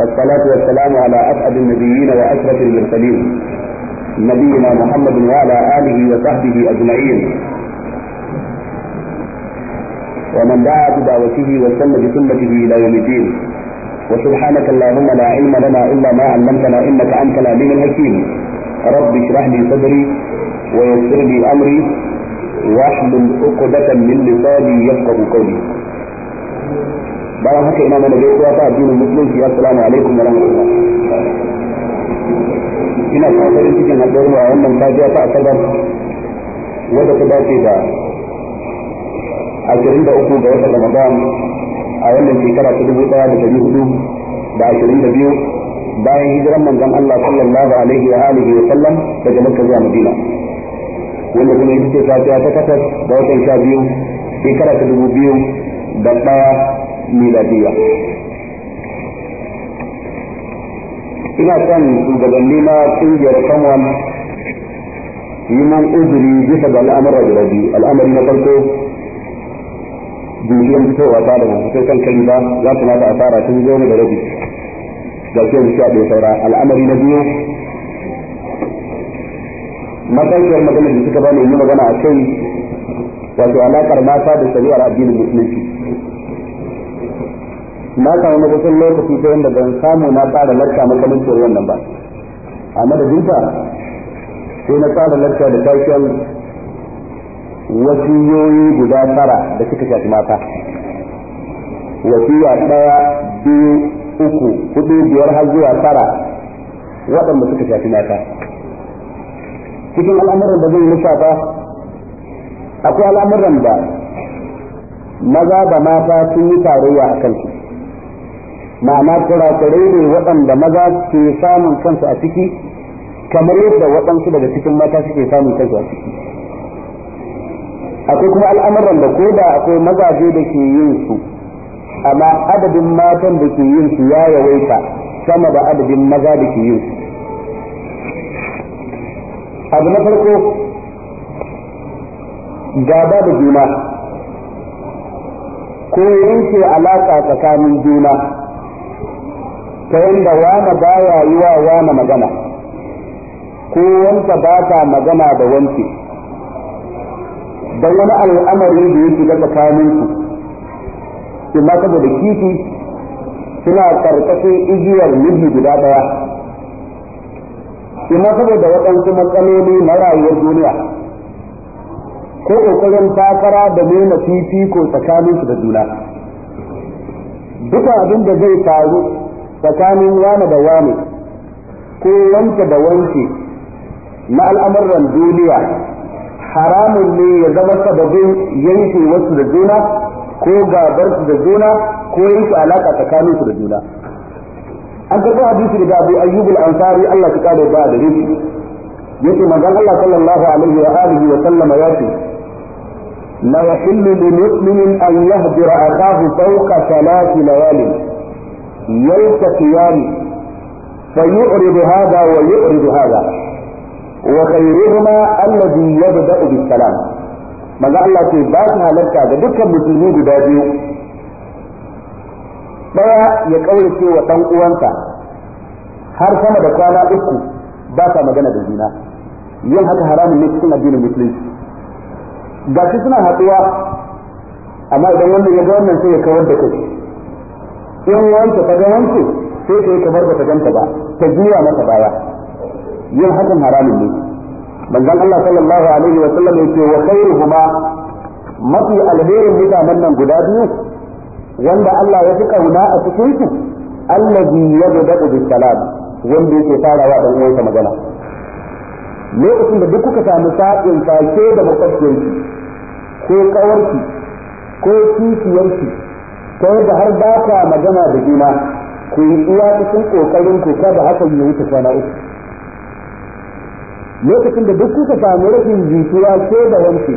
والصلاة والسلام على أسعد النبيين وأشرف المرسلين نبينا محمد وعلى آله وصحبه أجمعين ومن دعا بدعوته وسن بسنته إلى يوم الدين وسبحانك اللهم لا علم لنا إلا ما علمتنا إنك أنت العليم الحكيم رب اشرح لي صدري ويسر لي أمري واحلل عقدة من لساني يفقه قولي bayan haka ina mana gaisuwa ta addinin musulunci assalamu alaikum wa rahmatullah ina kokarin cikin a wannan safiya ta asabar wadda ta dace da ashirin da uku ga watan ramadan a wannan shekara ta dubu ɗaya da ta hudu da ashirin da biyu bayan hijiran manzon Allah sallallahu alaihi wa alihi wa sallam daga Makka zuwa Madina wanda kuma ita ta safiya ta takwas da watan sha biyu shekara ta dubu biyu da ɗaya miladiyya ina son shugabanni na kungiyar kanwan yi man uzuri bisa ga al'amuran da biyu al'amari na farko jirgin fitowa ta da masu kai kan ba ba su kamata a fara tun goma da rabi da ke a shaɗe saura al'amari na biyu matsakiyar magana da suka bani yi magana a kai wato alaƙar mata da shari'ar addinin musulunci na samu mafashin lokaci ta yadda ban samu na tsara lakka makamancin wannan ba a madadinta sai na tsara larka da taken wasiyoyi guda tara da suka shafi mata wasiya ɗaya biyu uku hudu biyar har zuwa tara waɗanda suka shafi mata cikin al'amuran da zai lissafa akwai al'amuran da maza da mata sun yi tarayya a kansu ma'ana kurakurai ne waɗanda maza ke samun kansu a ciki kamar yadda waɗansu daga cikin mata suke samun kansu a ciki akwai kuma al'amuran da ko da akwai mazaje da ke yin su amma adadin matan da ke yin su ya yawaita sama da adadin maza da ke yin su abu na farko gaba da juna ko yanke alaƙa tsakanin juna ta yanda wani baya yi wa wani magana ko wanta ba ta magana da wanke. don wani al'amari da yake shiga tsakaninsu su ma saboda kifi suna karkashin igiyar miji guda daya su ma saboda waɗansu matsaloli na rayuwar duniya ko ƙoƙarin takara da nuna fifiko tsakaninsu da juna duka abin da zai faru tsakanin wane da wane ko wanke da wanke na al'amuran duniya haramun ne ya zama sababin yanke wasu da juna ko gabar su da juna ko yanke alaka tsakanin su da juna an karɓi hadisi daga Abu Ayyub al-Ansari Allah ya kare ba da rifi yace manzon Allah sallallahu alaihi wa alihi wa sallama ce la yahillu li muslimin an yahdira akahu fawqa thalath layalin يلتقيان فيعرض هذا ويعرض هذا وخيرهما الذي يبدأ بالسلام ماذا الله في بات هلكا da dukkan musulmi guda biyu daya ya kaurace wa dan uwansa har sama da kwana uku ba sa magana da jina yin haka haramun ne cikin addinin musulunci ga shi suna haɗuwa amma idan wannan ya ga wannan sai ya kawar da kai in wance ta ga wance sai ta yi kamar ba ta ganta ba ta juya maka baya yin hakan haramun ne manzon Allah sallallahu alaihi wa sallam yace wa khairuhuma mafi alherin mutanen nan guda biyu wanda Allah ya fi kauna a cikin su allazi yabda'u bis salam wanda yake farawa dan uwansa magana lokacin da duk kuka samu sa'in sake da makwabciyarki ko kawarki ko kishiyarki ta yadda har ba ka magana da juna ku yi iya cikin kokarin ku kada hakan ya wuce kwana uku lokacin da duk kuka samu rashin jituwa ke da wanke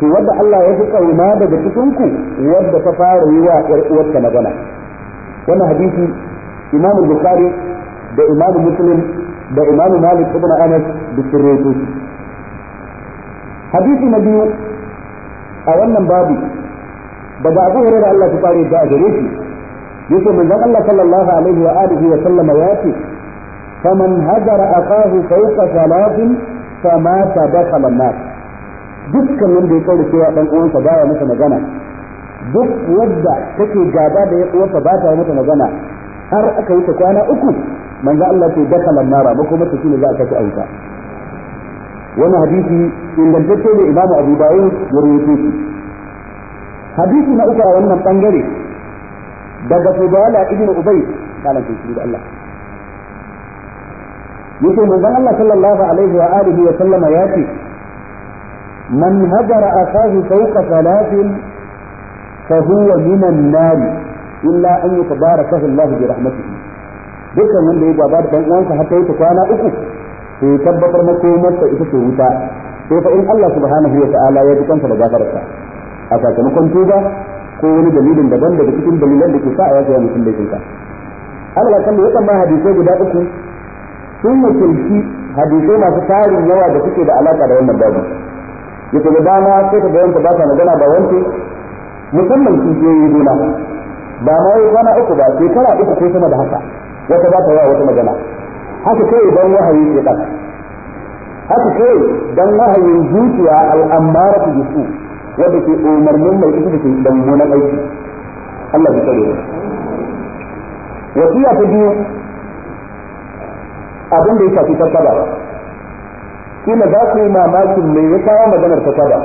to wadda Allah ya fi kauna daga cikin ku wadda ta fara yi wa ƴar uwarta magana wannan hadisi Imam Bukhari da Imam Muslim da Imam Malik ibn Anas da Tirmidhi hadisi na biyu a wannan babu daga Abu da Allah ta kare da gare shi yace manzon Allah sallallahu alaihi wa alihi wa sallama ya ce faman hajara akahu fawqa salatin fama tadakhala an-nar dukkan wanda ya kaura cewa dan uwansa ya masa magana duk wadda take gaba da yan uwansa ba ta masa magana har aka yi ta kwana uku manzo Allah ce dakhala an-nar ba kuma shine za a kace auka. wannan hadisi ingantacce ne Imam Abu Dawud ya rawaito shi hadisi na uku a wannan bangare daga Fudala ibn Ubay kana tun da Allah yake manzon Allah sallallahu alaihi wa alihi wa sallama ya ce man hajara akahu fawqa salatin fa huwa min an-nar illa an yatabarakahu Allah bi rahmatihi dukkan wanda ya gaba da dan uwansa har ta kwana uku to tabbatar makomarsa ita ce wuta sai fa in Allah subhanahu wa ta'ala ya ji kansa da gafararsa a sakamakon tuba ko wani dalilin daban daga cikin dalilan da ke sa a yaki wa mutum laifin ka Allah kan ya ma hadisai guda uku sun wakilci hadisai masu tarin yawa da suke da alaka da wannan babu ya gaba na sai ka ga ba ta magana ba wance musamman kishiyoyi juna ba ma yi kwana uku ba shekara uku ko sama da haka wata ba ta yawa wata magana haka kai don wahayi ke ɗan haka kai don wahayin zuciya al'amara ta jisu wanda ke umarnin mai ita da ke da mummunan aiki Allah ya tsare wasiya ta biyu abin da ya shafi shi ne za ku yi mamakin me ya kawo maganar kasaba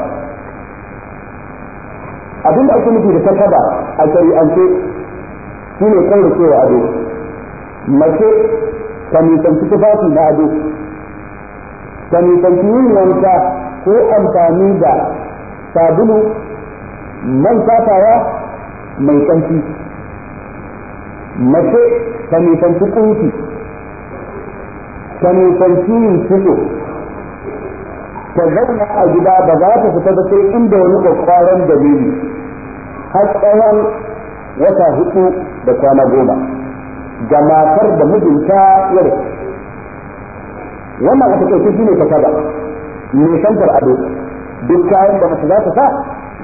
abin da ake nufi da kasaba a shari'ance shi ne kauracewa ado mace ta nisanci tufafi na ado ta nisanci yin wanka ko amfani da sabulu man safawa mai ƙarfi mace ta nisanci kunki ta nisanci yin fito ta zauna a gida da za ta fita da sai inda wani kwakwaron dalili har tsawon wata hudu da kwana goma ga matar da mijinta ya wannan a takaice shi ne ta saba kantar ado duk kayan da mace za ta sa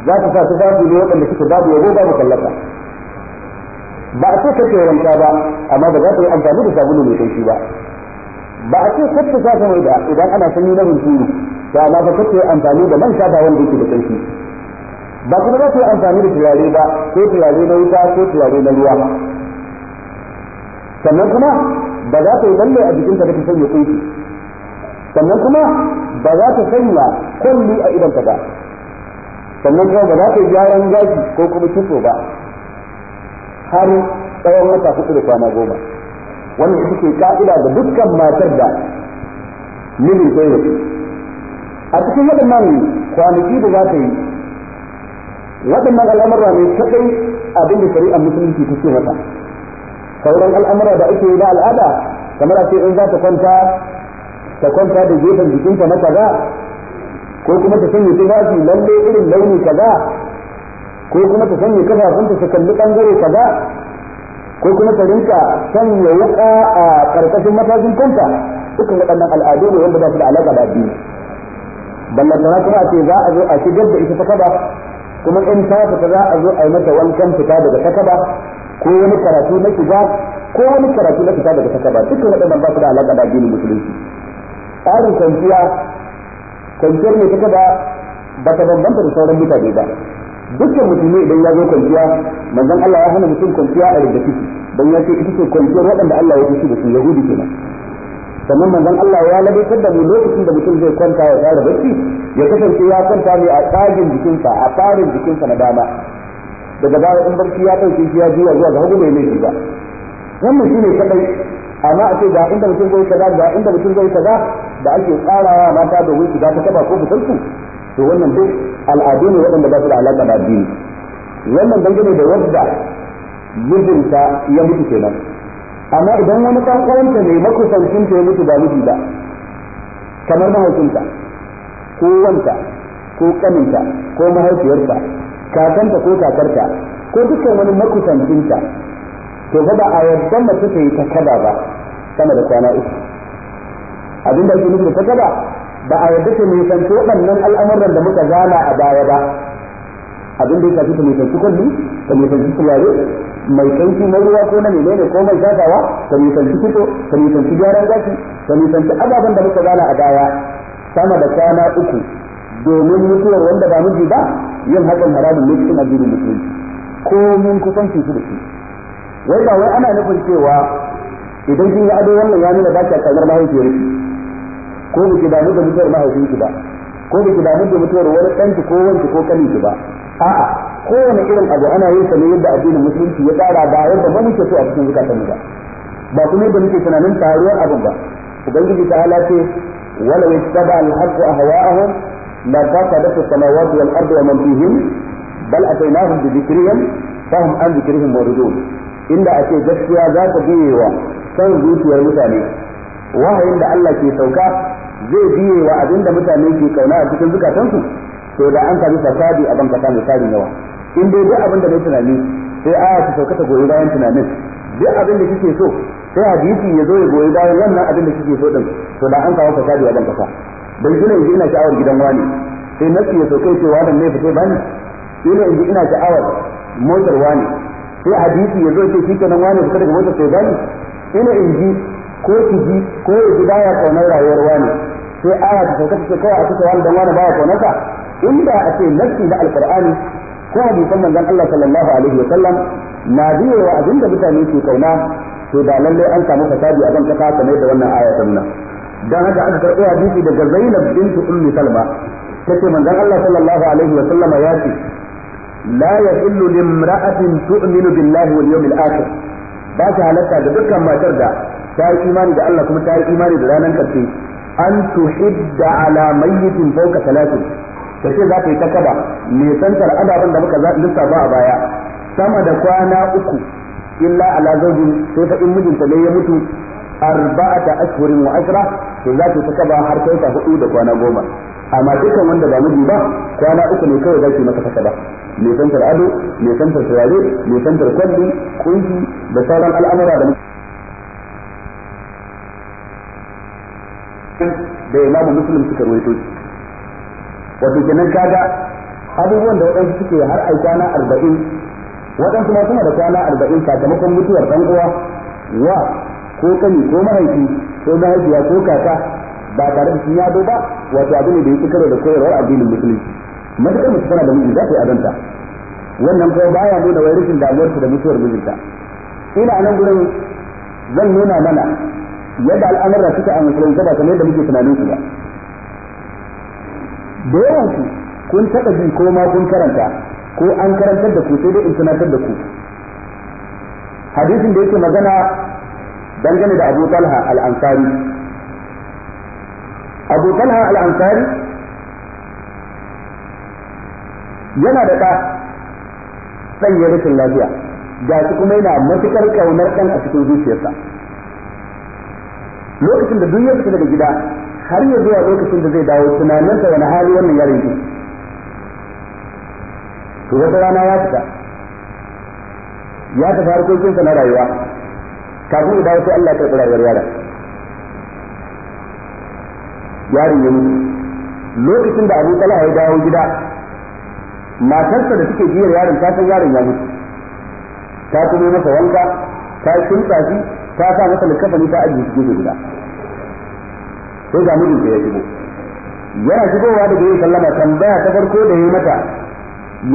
za ta sa tufafi ne waɗanda suke babu yabo babu kallaka ba a ce kace wanka ba amma ba za ta yi amfani da sabulu mai kaishi ba ba a ce kace sa ta mai da idan ana sanyi na hunturu ba amma ba kace amfani da man shafa wanda yake da kaishi ba kuma za ta yi amfani da turare ba ko turare na wuta ko turare na ruwa sannan kuma ba za ta yi lalle a jikinta da ta sanya kaishi sannan kuma ba za ta sanya kwalli a idan ta ba sannan kuma ba za ta gyaran gashi ko kuma kitso ba har tsawon wata hudu da kwana goma wannan ita ke ka'ida da dukkan matar da mini zai yake a cikin waɗannan kwanaki da za ta yi waɗannan al'amura ne kaɗai abin da shari'ar musulunci ta ce mata sauran al'amura da ake yi na al'ada kamar a ce in za ta kwanta ta kwanta da gefen jikinta na kaza ko kuma ta sanya tufafi lalle irin launi kaza ko kuma ta sanya kafafunta su kalli bangare kaza ko kuma ta rinka sanya wuka a karkashin matajin kanta dukkan waɗannan al'adu ne wanda ba su da alaƙa da addini ballantana kuma a ce za a zo a shigar da ita ta kaba kuma in ta fita za a zo a yi mata wankan fita daga ta kaba ko wani karatu na shiga ko wani karatu na fita daga ta kaba dukkan waɗannan ba su da alaƙa da addinin musulunci tsarin kwanciya kwanciyar ne ta da ba ta bambanta da sauran mutane ba dukkan musulmi idan ya zo kwanciya manzon Allah ya hana mutum kwanciya a yadda kike dan ya ce ita ce kwanciyar waɗanda Allah ya fushi da su yahudi kenan sannan manzon Allah ya labe da mu lokacin da mutum zai kwanta ya fara barci ya kasance ya kwanta ne a tsarin jikinsa a tsarin jikinsa na dama daga baya in barci ya kai shi ya juya zuwa ga hagu mai laifi ba wannan shine kadai amma a ce ga inda mutum zai kaza ga inda mutum zai kaza da ake tsarawa mata domin za ta taba ko fitarsu to wannan duk al'adu ne waɗanda ba su da alaƙa da addini wannan dangane da wadda mijinta ya mutu kenan amma idan wani kan kwanta ne ta ya mutu ba miji ba kamar mahaifinta ko wanta ko kaninta ko mahaifiyarta kakanta ko kakarta ko dukkan wani makusancinta to fa ba a yarda mace ta yi ta kada ba sama da kwana uku abin da ake nufi da takaba ba a yadda ta nisanci waɗannan al'amuran da muka gana a baya ba abin da ya shafi ta nisanci kulli ta nisanci turare mai kanki na ruwa ko na menene ko mai shafawa ta nisanci fito ta nisanci gyaran gashi ta nisanci ababen da muka gana a baya sama da kwana uku domin mutuwar wanda ba miji ba yin hakan haramun ne cikin addinin musulunci ko mun kusanci su da shi wai ba wai ana nufin cewa idan kin yi ado wannan ya nuna ba ki kaunar mahaifiyar ki ko ba ki damu da mutuwar mahaifinki ba ko ba ki damu da mutuwar wani ɗanki ko wanki ko kaninki ba a'a kowane irin abu ana yin sa ne yadda addinin musulunci ya tsara ba yadda ba muke so a cikin zukatanmu ba ba kuma yadda muke tunanin taruwar abin ba ubangiji ta halace walau ittaba al-haqqu ahwa'ahum la da as-samawati wal ardu wa man fihim bal atainahum bi dhikrihim fahum an dhikrihim muridun inda ake gaskiya za ka biyewa san zuciyar mutane wahayin da Allah ke sauka zai biye wa abin da mutane ke kauna a cikin zukatansu to da an sami fasadi a banka sami tarin yawa in dai duk abin da mai tunani sai aya ta sauka ta goyi bayan tunanin duk abin da kike so sai hadisi ya zo ya goyi bayan wannan abin da kike so din to da an sami fasadi a banka bai gina yanzu ina sha'awar gidan wani sai na ya sauka ce wannan ne fice bani ina yanzu ina sha'awar motar wani sai hadisi ya zo ce shi kenan wani fita daga motar sai bani ina in ji ko ki ji ko ya ji baya kaunar rayuwar wani sai aya ta sauka ce kawai a cikin wani dan wani baya konarsa inda a ce nassi da alqur'ani ko hadisan manzon Allah sallallahu alaihi wa sallam na wa abinda mutane ke kauna to da lalle an samu fasadi a kan kasa kamar da wannan aya ta nuna dan haka aka karɓi hadisi daga Zainab bint Ummi Salma tace manzon Allah sallallahu alaihi wa sallam ya ce la yahillu limra'atin tu'minu billahi wal yawmil akhir ba ta halatta da dukkan matar da ta yi da Allah kuma ta yi da ranar karshe an tuhidda ala mayyitin fawqa talatin kace za ka yi takaba mai santar adabin da muka lissafa a baya sama da kwana uku illa ala zawjin sai fa in mijinta ne ya mutu arba'ata ashhurin wa ashra to za ta takaba har sai ta hudu da kwana goma amma dukan wanda ba miji ba kwana uku ne kawai zaki maka takaba me santar ado me santar turare me santar kwalli kunki da sauran al'amura da da imamu muslim suka rawaito shi wato kenan kaga abubuwan da waɗansu suke har a kwana arba'in waɗansu ma suna da kwana arba'in sakamakon mutuwar ɗan uwa wa ko kani ko mahaifi ko mahaifiya ko kaka ba tare da sun yado ba wato abu ne da yake karo da koyarwar addinin musulunci matukar mutu tana da miji za ta yi adanta wannan kuma baya nuna wai rashin damuwarta da mutuwar mijinta ina nan gurin zan nuna mana yadda al'amuran suka a musulunci ba kamar yadda muke tunanin su ba da yawan ku kun taɓa ji ko ma kun karanta ko an karantar da ku sai dai in tunatar da ku hadisin da yake magana dangane da Abu Talha al Abu Talha yana da ɗa ɗan rashin lafiya ga shi kuma yana matukar ƙaunar ɗan a cikin zuciyarsa lokacin da duk ya fita daga gida har ya zuwa lokacin da zai dawo tunaninsa wani hali wannan yaron yake to wata rana ya fita ya tafi harkokinsa na rayuwa kafin ya dawo sai Allah ya karɓi rayuwar yaron yaron ya mutu lokacin da Abu Talha ya dawo gida matarsa da suke biyar yaron ta san yaron ya mutu ta kuma masa wanka ta shimfa shi ta sa masa likafani ta ajiye su gefe guda sai ga mijin ya shigo yana shigowa daga yin sallama tambaya ta farko da ya yi mata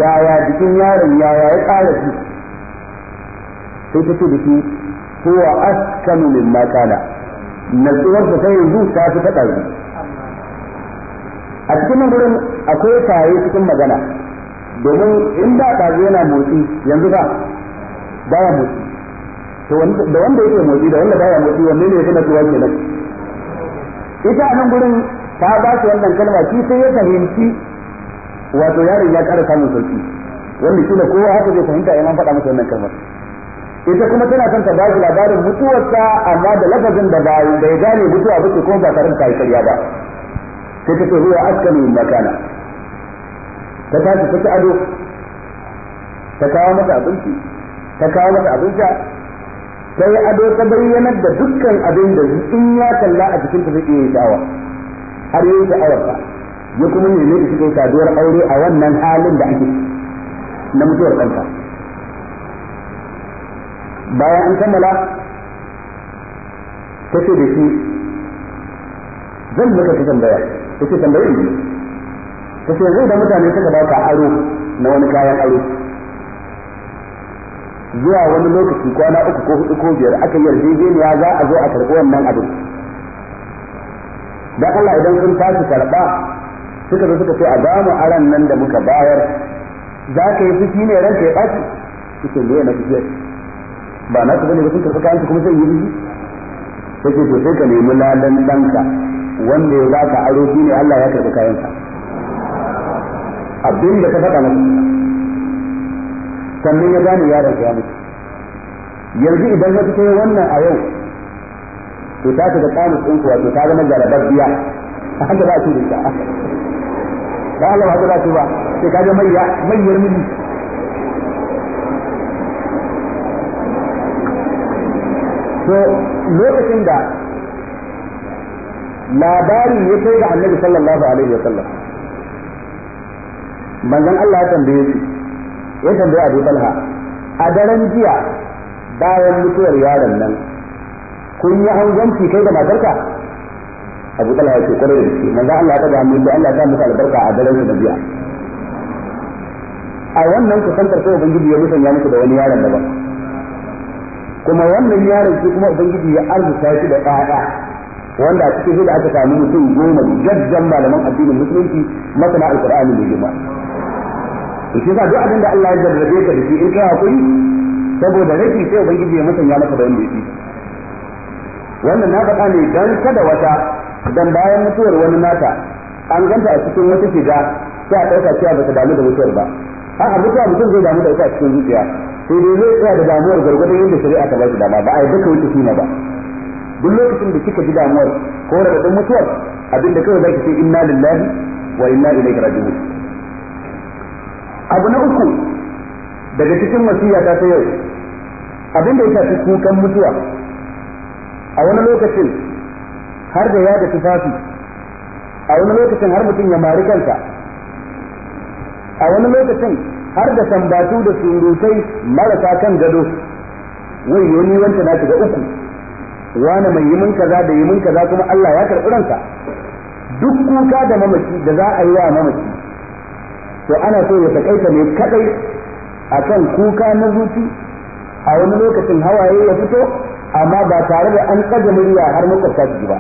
yaya jikin yaron yaya ya tsara shi sai ta ce da shi kowa askanu mimma kana natsuwar ta yanzu ta fi ta ɗazu a cikin nan akwai tare cikin magana domin in da ɗazu yana motsi yanzu ba ba ya motsi da wanda yake motsi da wanda baya motsi wanne ne yake na tuwa kenan ita nan gurin ta ba shi wannan kalma shi sai ya fahimci wato yaron ya ƙara samun sauki wanda shi da kowa haka zai fahimta in an faɗa masa wannan kalmar ita kuma tana son ta ba shi labarin mutuwarsa amma da lafazin da bai bai gane mutuwa ba ce kuma ba tare da ta yi karya ba sai ta ce huwa askani makana ta tashi ta ci ado ta kawo masa abinci ta kawo masa abin sai ado ta bayyanar da dukkan abin da in ya kalla a cikin zai iya sha'awa har yi sha'awar ba ya kuma nemi da cikin saduwar aure a wannan halin da ake na mutuwar kanta bayan an kammala ta ce da shi zan maka ta tambaya ta ce tambayin ne ta ce zai da mutane suka baka aro na wani kayan aro zuwa wani lokaci kwana uku ko hudu ko biyar aka yarjejeniya za a zo a karɓi wannan abin da Allah idan sun tashi karɓa suka zo suka ce a bamu aran nan da muka bayar za ka yi fushi ne ka ya ɓaci suke ne na fushi ba na su bane ba sun karɓi kayan su kuma sai yi fushi take to sai ka nemi ladan ɗanka wanda ya za ka aro shi ne Allah ya karɓi kayan sa abin da ka faɗa masa sannan ya gane yaron ya mutu yanzu idan ya fito wannan a yau to ta shiga kamus ɗin ku wato ta zama galabar biya haka ba su da ita da Allah ba za su ba sai ka ga mayya mayyar miji to lokacin da labari ya kai ga annabi sallallahu alaihi wa sallam manzon Allah ya tambaye shi ya tambaye Abu Talha a daren jiya bayan mutuwar yaron nan kun yi hanzanci kai da matarka Abu Talha ya ce kwarai da gaske manzo Allah ta ga mun da Allah ta musa albarka a daren da jiya a wannan kusantar sai ubangiji ya musanya muku da wani yaron daban kuma wannan yaron shi kuma ubangiji ya arzuta shi da ƴaƴa wanda a cikin da aka samu mutum goma jajjan malaman addinin musulunci masana alqur'ani mai jima'a Bikin shi yasa duk abin da Allah ya jarrabe ka da shi in kai hakuri saboda raki sai ubangiji ya musanya maka da wanda yake wannan na faɗa ne dan kada wata dan bayan mutuwar wani mata, an ganta a cikin wata shiga sai a ɗauka cewa bata damu da mutuwar ba a mutuwa mutum zai damu da ita a cikin zuciya sai dai zai tsaya da damuwar gwargwadon yadda shari'a ta ba shi dama ba a yi duka wuce shi ba duk lokacin da kika ji damuwar ko raɗaɗin mutuwar abinda kawai zaki ce inna lillahi wa inna ilaihi raji'un abu na uku daga cikin wasiya ta ta yau abin da ya shafi kukan mutuwa a wani lokacin har da ya yada tufafi a wani lokacin har mutum ya mari kansa a wani lokacin har da sambatu da surutai marasa kan gado wai yoni wanta na shiga uku wani mai yi mun kaza da yi mun kaza kuma Allah ya karɓi duk kuka da mamaci da za a yi wa mamaci to ana so ya takaita ne kadai akan kuka na zuci a wani lokacin hawaye ya fito amma ba tare da an tsaga murya har makwabta ba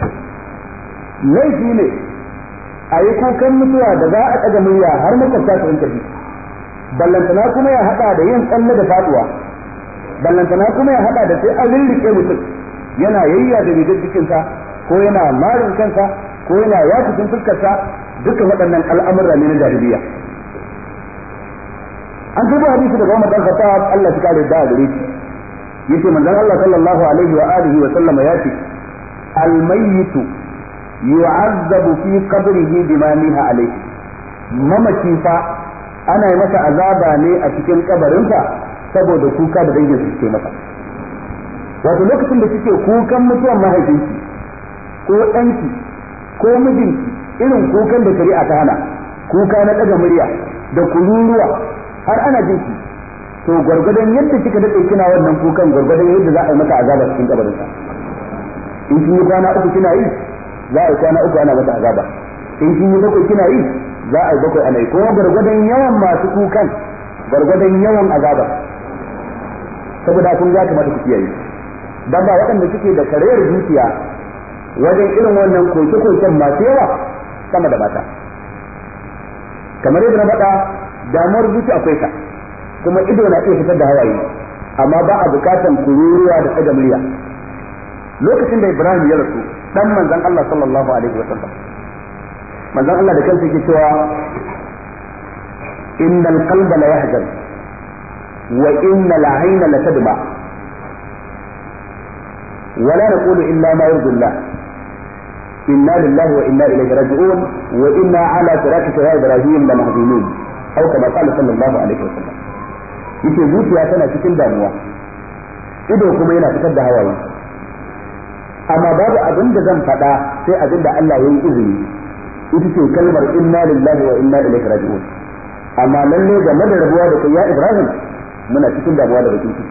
laifi ne a yi kukan mutuwa da za a tsaga murya har makwabta su rinka ji ballantana kuma ya hada da yin tsalle da faduwa ballantana kuma ya hada da sai a rirrike mutum yana yayya da rigar jikinsa ko yana marin kansa ko yana yakucin fuskarsa dukkan waɗannan al'amurra ne na jaribiya. an karɓi hadisi daga Umar al Khattab Allah ya kare da gare shi yace manzon Allah sallallahu alaihi wa alihi wa sallama yace al-mayyitu yu'azzabu fi qabrihi bima niha alaihi mamaci fa ana yi masa azaba ne a cikin kabarinsa saboda kuka da dangin su ke masa wato lokacin da kike kukan mutuwan mahaifinki ko ɗanki ko mijinki irin kukan da shari'a ta hana kuka na ɗaga murya da kururuwa har ana jin shi to gwargwadon yadda kika dade kina wannan kukan gwargwadon yadda za a yi maka azaba cikin kabarin sa in kin yi kwana uku kina yi za a yi kwana uku ana maka azaba in kin yi bakwai kina yi za a yi bakwai ana yi kuma gwargwadon yawan masu kukan gwargwadon yawan azaba saboda kun ya kamata ku kiyaye dan ba waɗanda suke da karayar zuciya wajen irin wannan koke-koken masu yawa sama da mata kamar yadda na faɗa damar zuci akwai ta kuma ido na iya fitar da hawaye amma ba a bukatan kururuwa da tsaga murya lokacin da Ibrahim ya rasu dan manzon Allah sallallahu alaihi wa wasallam manzon Allah da kansa yake cewa innal qalba la yahzan wa innal ayna la tadma ولا نقول إلا ما يرضي الله إنا لله وإنا إليه راجعون وإنا على صراطك يا إبراهيم لمهزومون au kama qala sallallahu alaihi zuciya tana cikin damuwa ido kuma yana fitar da hawaye amma babu abin da zan faɗa sai abin da Allah ya yi izini ita ce kalmar inna wa inna ilaihi raji'un amma lalle game da rabuwa da kai ya Ibrahim muna cikin damuwa da bakin ciki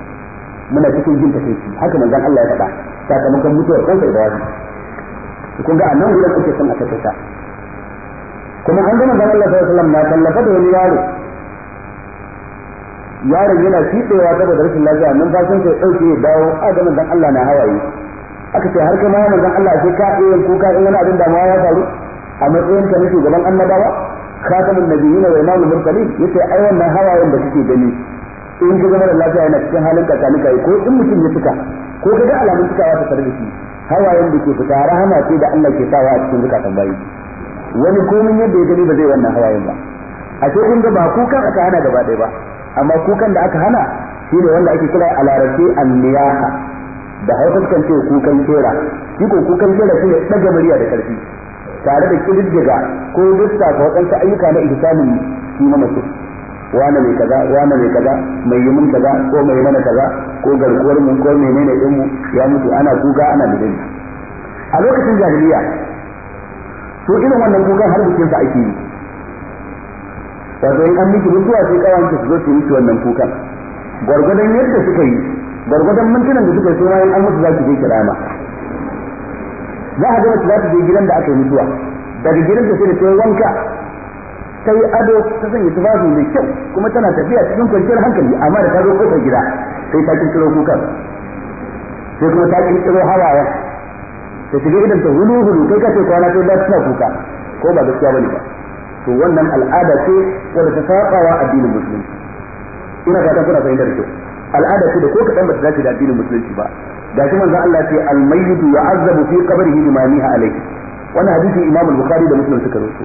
muna cikin jin takeici haka manzon Allah ya faɗa sakamakon mutuwar kansa Ibrahim kun ga annan wurin ake san a takaita kuma an gama zaman Allah sallallahu alaihi na tallafa da wani yaro yaron yana fiɗewa saboda rashin lafiya nan fashin sai ɗauke ya dawo a gama Allah na hawaye aka ce har kama dan Allah sai ka iya kuka in wani abin da ya faru a matsayin ka na shugaban annabawa khatamun nabiyina wa imamul mursalin yace ai wannan hawayen da suke gani in ka zama da lafiya yana cikin halin kakanika ko in mutum ya fita ko ka ga alamun cikawa ta sarrafi hawayen da ke fita rahama ce da Allah ke sawa a cikin zukatan bayi wani komin yadda ya gani ba zai wannan hawayen ba a ce kun ga ba kukan aka hana gaba ɗaya ba amma kukan da aka hana shi ne wanda ake kira a an anniyaha da haifar kan ce kukan kera shi ko kukan kera shi ne ɗaga murya da ƙarfi tare da kididdiga ko ko waɗansu ayyuka na ihsanin shi na mutum wane mai kaza wane mai kaza mai yi mun kaza ko mai mana kaza ko garkuwar mun, ko menene ɗinmu? ya mutu ana kuka ana bidin a lokacin jahiliya to irin wannan kukan har bikin sa ake yi wato in an miki mutuwa sai kawan su zo su yi wannan kukan gwargwadon yadda suka yi gwargwadon mintunan da suka yi suna an mutu za ki je kirama za a gama za ki je gidan da aka yi mutuwa daga gidan da sai da ta yi wanka ta yi ado ta sanya tufafi mai kyau kuma tana tafiya cikin kwanciyar hankali amma da ta zo kofar gida sai ta kirkiro kukan sai kuma ta kirkiro hawayen ta shiga idan ta hulu hulu kai kace kwana sai da suna kuka ko ba gaskiya bane ba to wannan al'ada ce wanda ta sabawa addinin musulunci ina ga fatan kuna fahimtar kyau al'ada ce da ko kadan ba ta dace da addinin musulunci ba da shi manzon Allah ce al-mayyit yu'azzabu fi qabrihi bima niha alayhi wannan hadisi Imam al-Bukhari da Muslim suka rawaito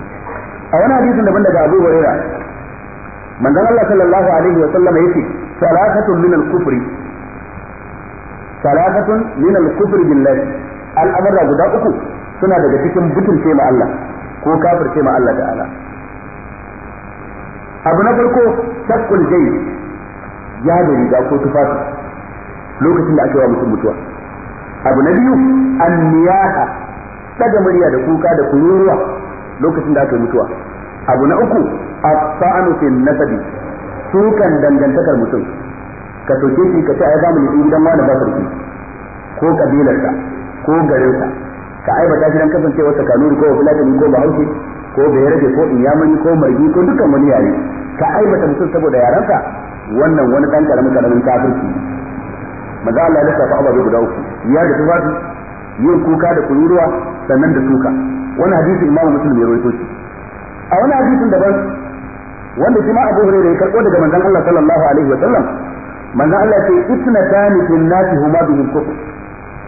a wani hadisin daban daga Abu Hurairah manzon Allah sallallahu alaihi wa sallam yace salatatun min al-kufri salatatun min al-kufri billahi al'amura guda uku suna daga cikin butulce ma Allah ko kafirce ma Allah ta'ala abu na farko shakkul jai ya da riga ko tufafi lokacin da aka yi wa mutum mutuwa abu na biyu anniyaha daga murya da kuka da kururuwa lokacin da aka mutuwa abu na uku a sanu fil nasabi sukan dangantakar mutum ka soke shi ka ce ai zamu yi gidan wani ba ko kabilarsa ko garinsa ka aibata shi dan kasancewa ta kanuri ko fulatani ko bahaushe ko bayarabe ko iyamani ko margi ko dukkan wani yare ka aibata mutum saboda yarensa wannan wani dan karamin karamin kafirci maza Allah ya lissafa ababe guda uku ya da tufafi yin kuka da kururuwa sannan da tuka wani hadisi imamu muslim ya rawaito shi a wani hadisin daban wanda shi ma Abu Hurairah ya karbo daga manzon Allah sallallahu alaihi wa sallam manzon Allah ya ce tani fil nasi huma bihim kufr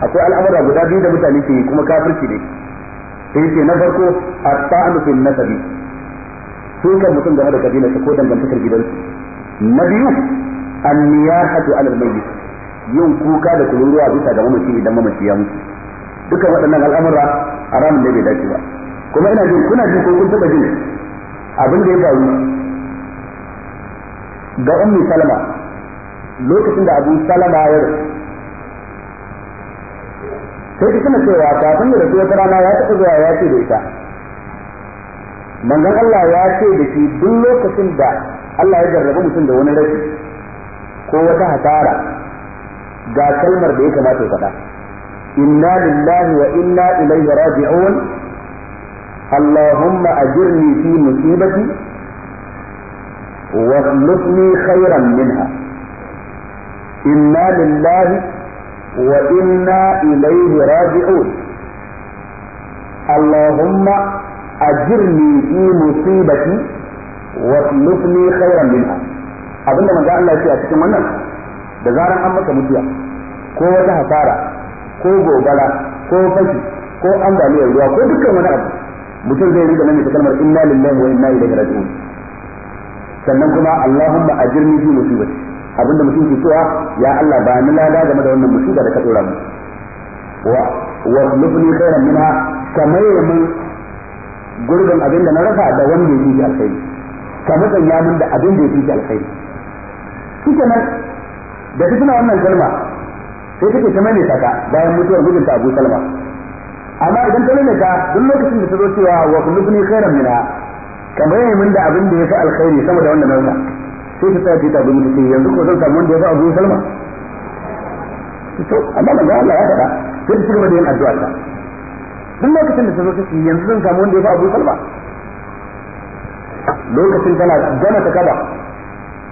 akwai al'amura guda biyu da mutane ke kuma kafirci ne sai ce na farko a taanu fil nasabi su kan mutum game da kabilarsa ko dangantakar gidansu na biyu an-niyahatu 'ala al-mayyit yin kuka da kururuwa bisa ga mamaci idan mamaci ya mutu dukkan waɗannan al'amura haramun ne bai dace ba kuma ina jin kuna jin ko kun taɓa jin abin da ya faru ga ummi salama lokacin da abu salama ya rasu sai ta cewa kafin da rasu wata rana ya taɓa zuwa ya ce da ita manzon Allah ya ce da shi duk lokacin da Allah ya jarrabu mutum da wani rashi ko wata hasara ga kalmar da ya kamata ya faɗa inna lillahi wa inna ilaihi raji'un اللهم أجرني في مصيبتي واخلفني خيرا منها إنا لله وإنا إليه راجعون اللهم أجرني في مصيبتي واخلف لي خيرا منها abin da manzo Allah ya a cikin wannan da zarar an maka mutuwa ko wata hasara ko gogala, ko fashi ko ambaliyar ruwa ko duka wani abu mutum zai rika nan da kalmar inna lillahi wa inna ilaihi raji'un sannan kuma Allahumma ajirni fi musibati abinda mutum ke cewa ya Allah ba ni lada game da wannan musiba da ka tsora mu wa wa lubni khairan minha kamar mun gurbin abinda na rasa da wanda yake ji alkhairi kamar dan ya mun da abinda yake ji alkhairi kike nan da duk wannan kalma sai kake ta mai saka bayan mutuwar gurbin ta Abu Salma amma idan ta mai ka duk lokacin da ta zo cewa wa lubni khairan minha kamar mun da abinda yake alkhairi sama da wanda na rasa sai ta tsaya ta tabi mu ce yanzu ko zan samu wanda ya fi abu salma to amma manzo Allah ya faɗa sai ta cigaba da yin addu'a ta duk lokacin da ta zo take yanzu zan samu wanda ya fi abu salma lokacin tana gama ta kaba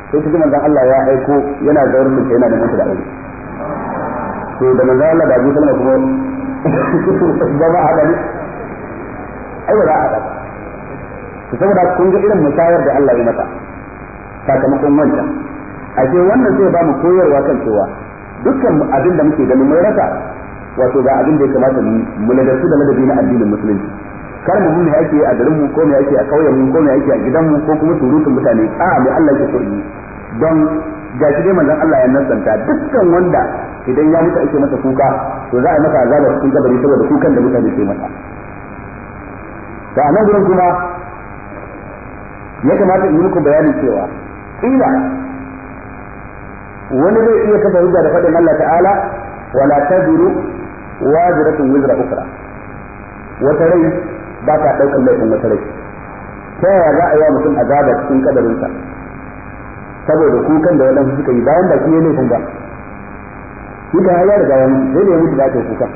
sai ta ji manzon Allah ya aiko yana zaurin mace yana da mata da aure to da manzon Allah da abu salma kuma zama haɗa ne ai ba za a haɗa ba saboda kun ga irin musayar da Allah ya mata sakamakon wancan ashe wannan zai ba mu koyarwa kan cewa dukkan abin da muke ganin mai rasa wato ga abin da ya kamata mu ladarsu da ladabi na addinin musulunci kar mu mun yake a garin mu ko mu yake a kauyen mu ko mu yake a gidan mu ko kuma surutun mutane a mai Allah ya so yi don ga shi dai manzon Allah ya nasanta dukkan wanda idan ya mutu ake masa kuka to za a masa azaba cikin kabari saboda kukan da mutane ke masa da anan gurin kuma ya kamata in yi muku bayanin cewa ila wani zai iya kafa hujja da faɗin Allah ta'ala wala taziru waziratun wizra ukra wata rai ba ta daukar laifin wata rai ta yaya za a yi wa mutum azaba cikin sa saboda kukan da waɗansu suka yi bayan ba shi ne laifin ba shi da ya riga wani zai ne mutu da ke kuka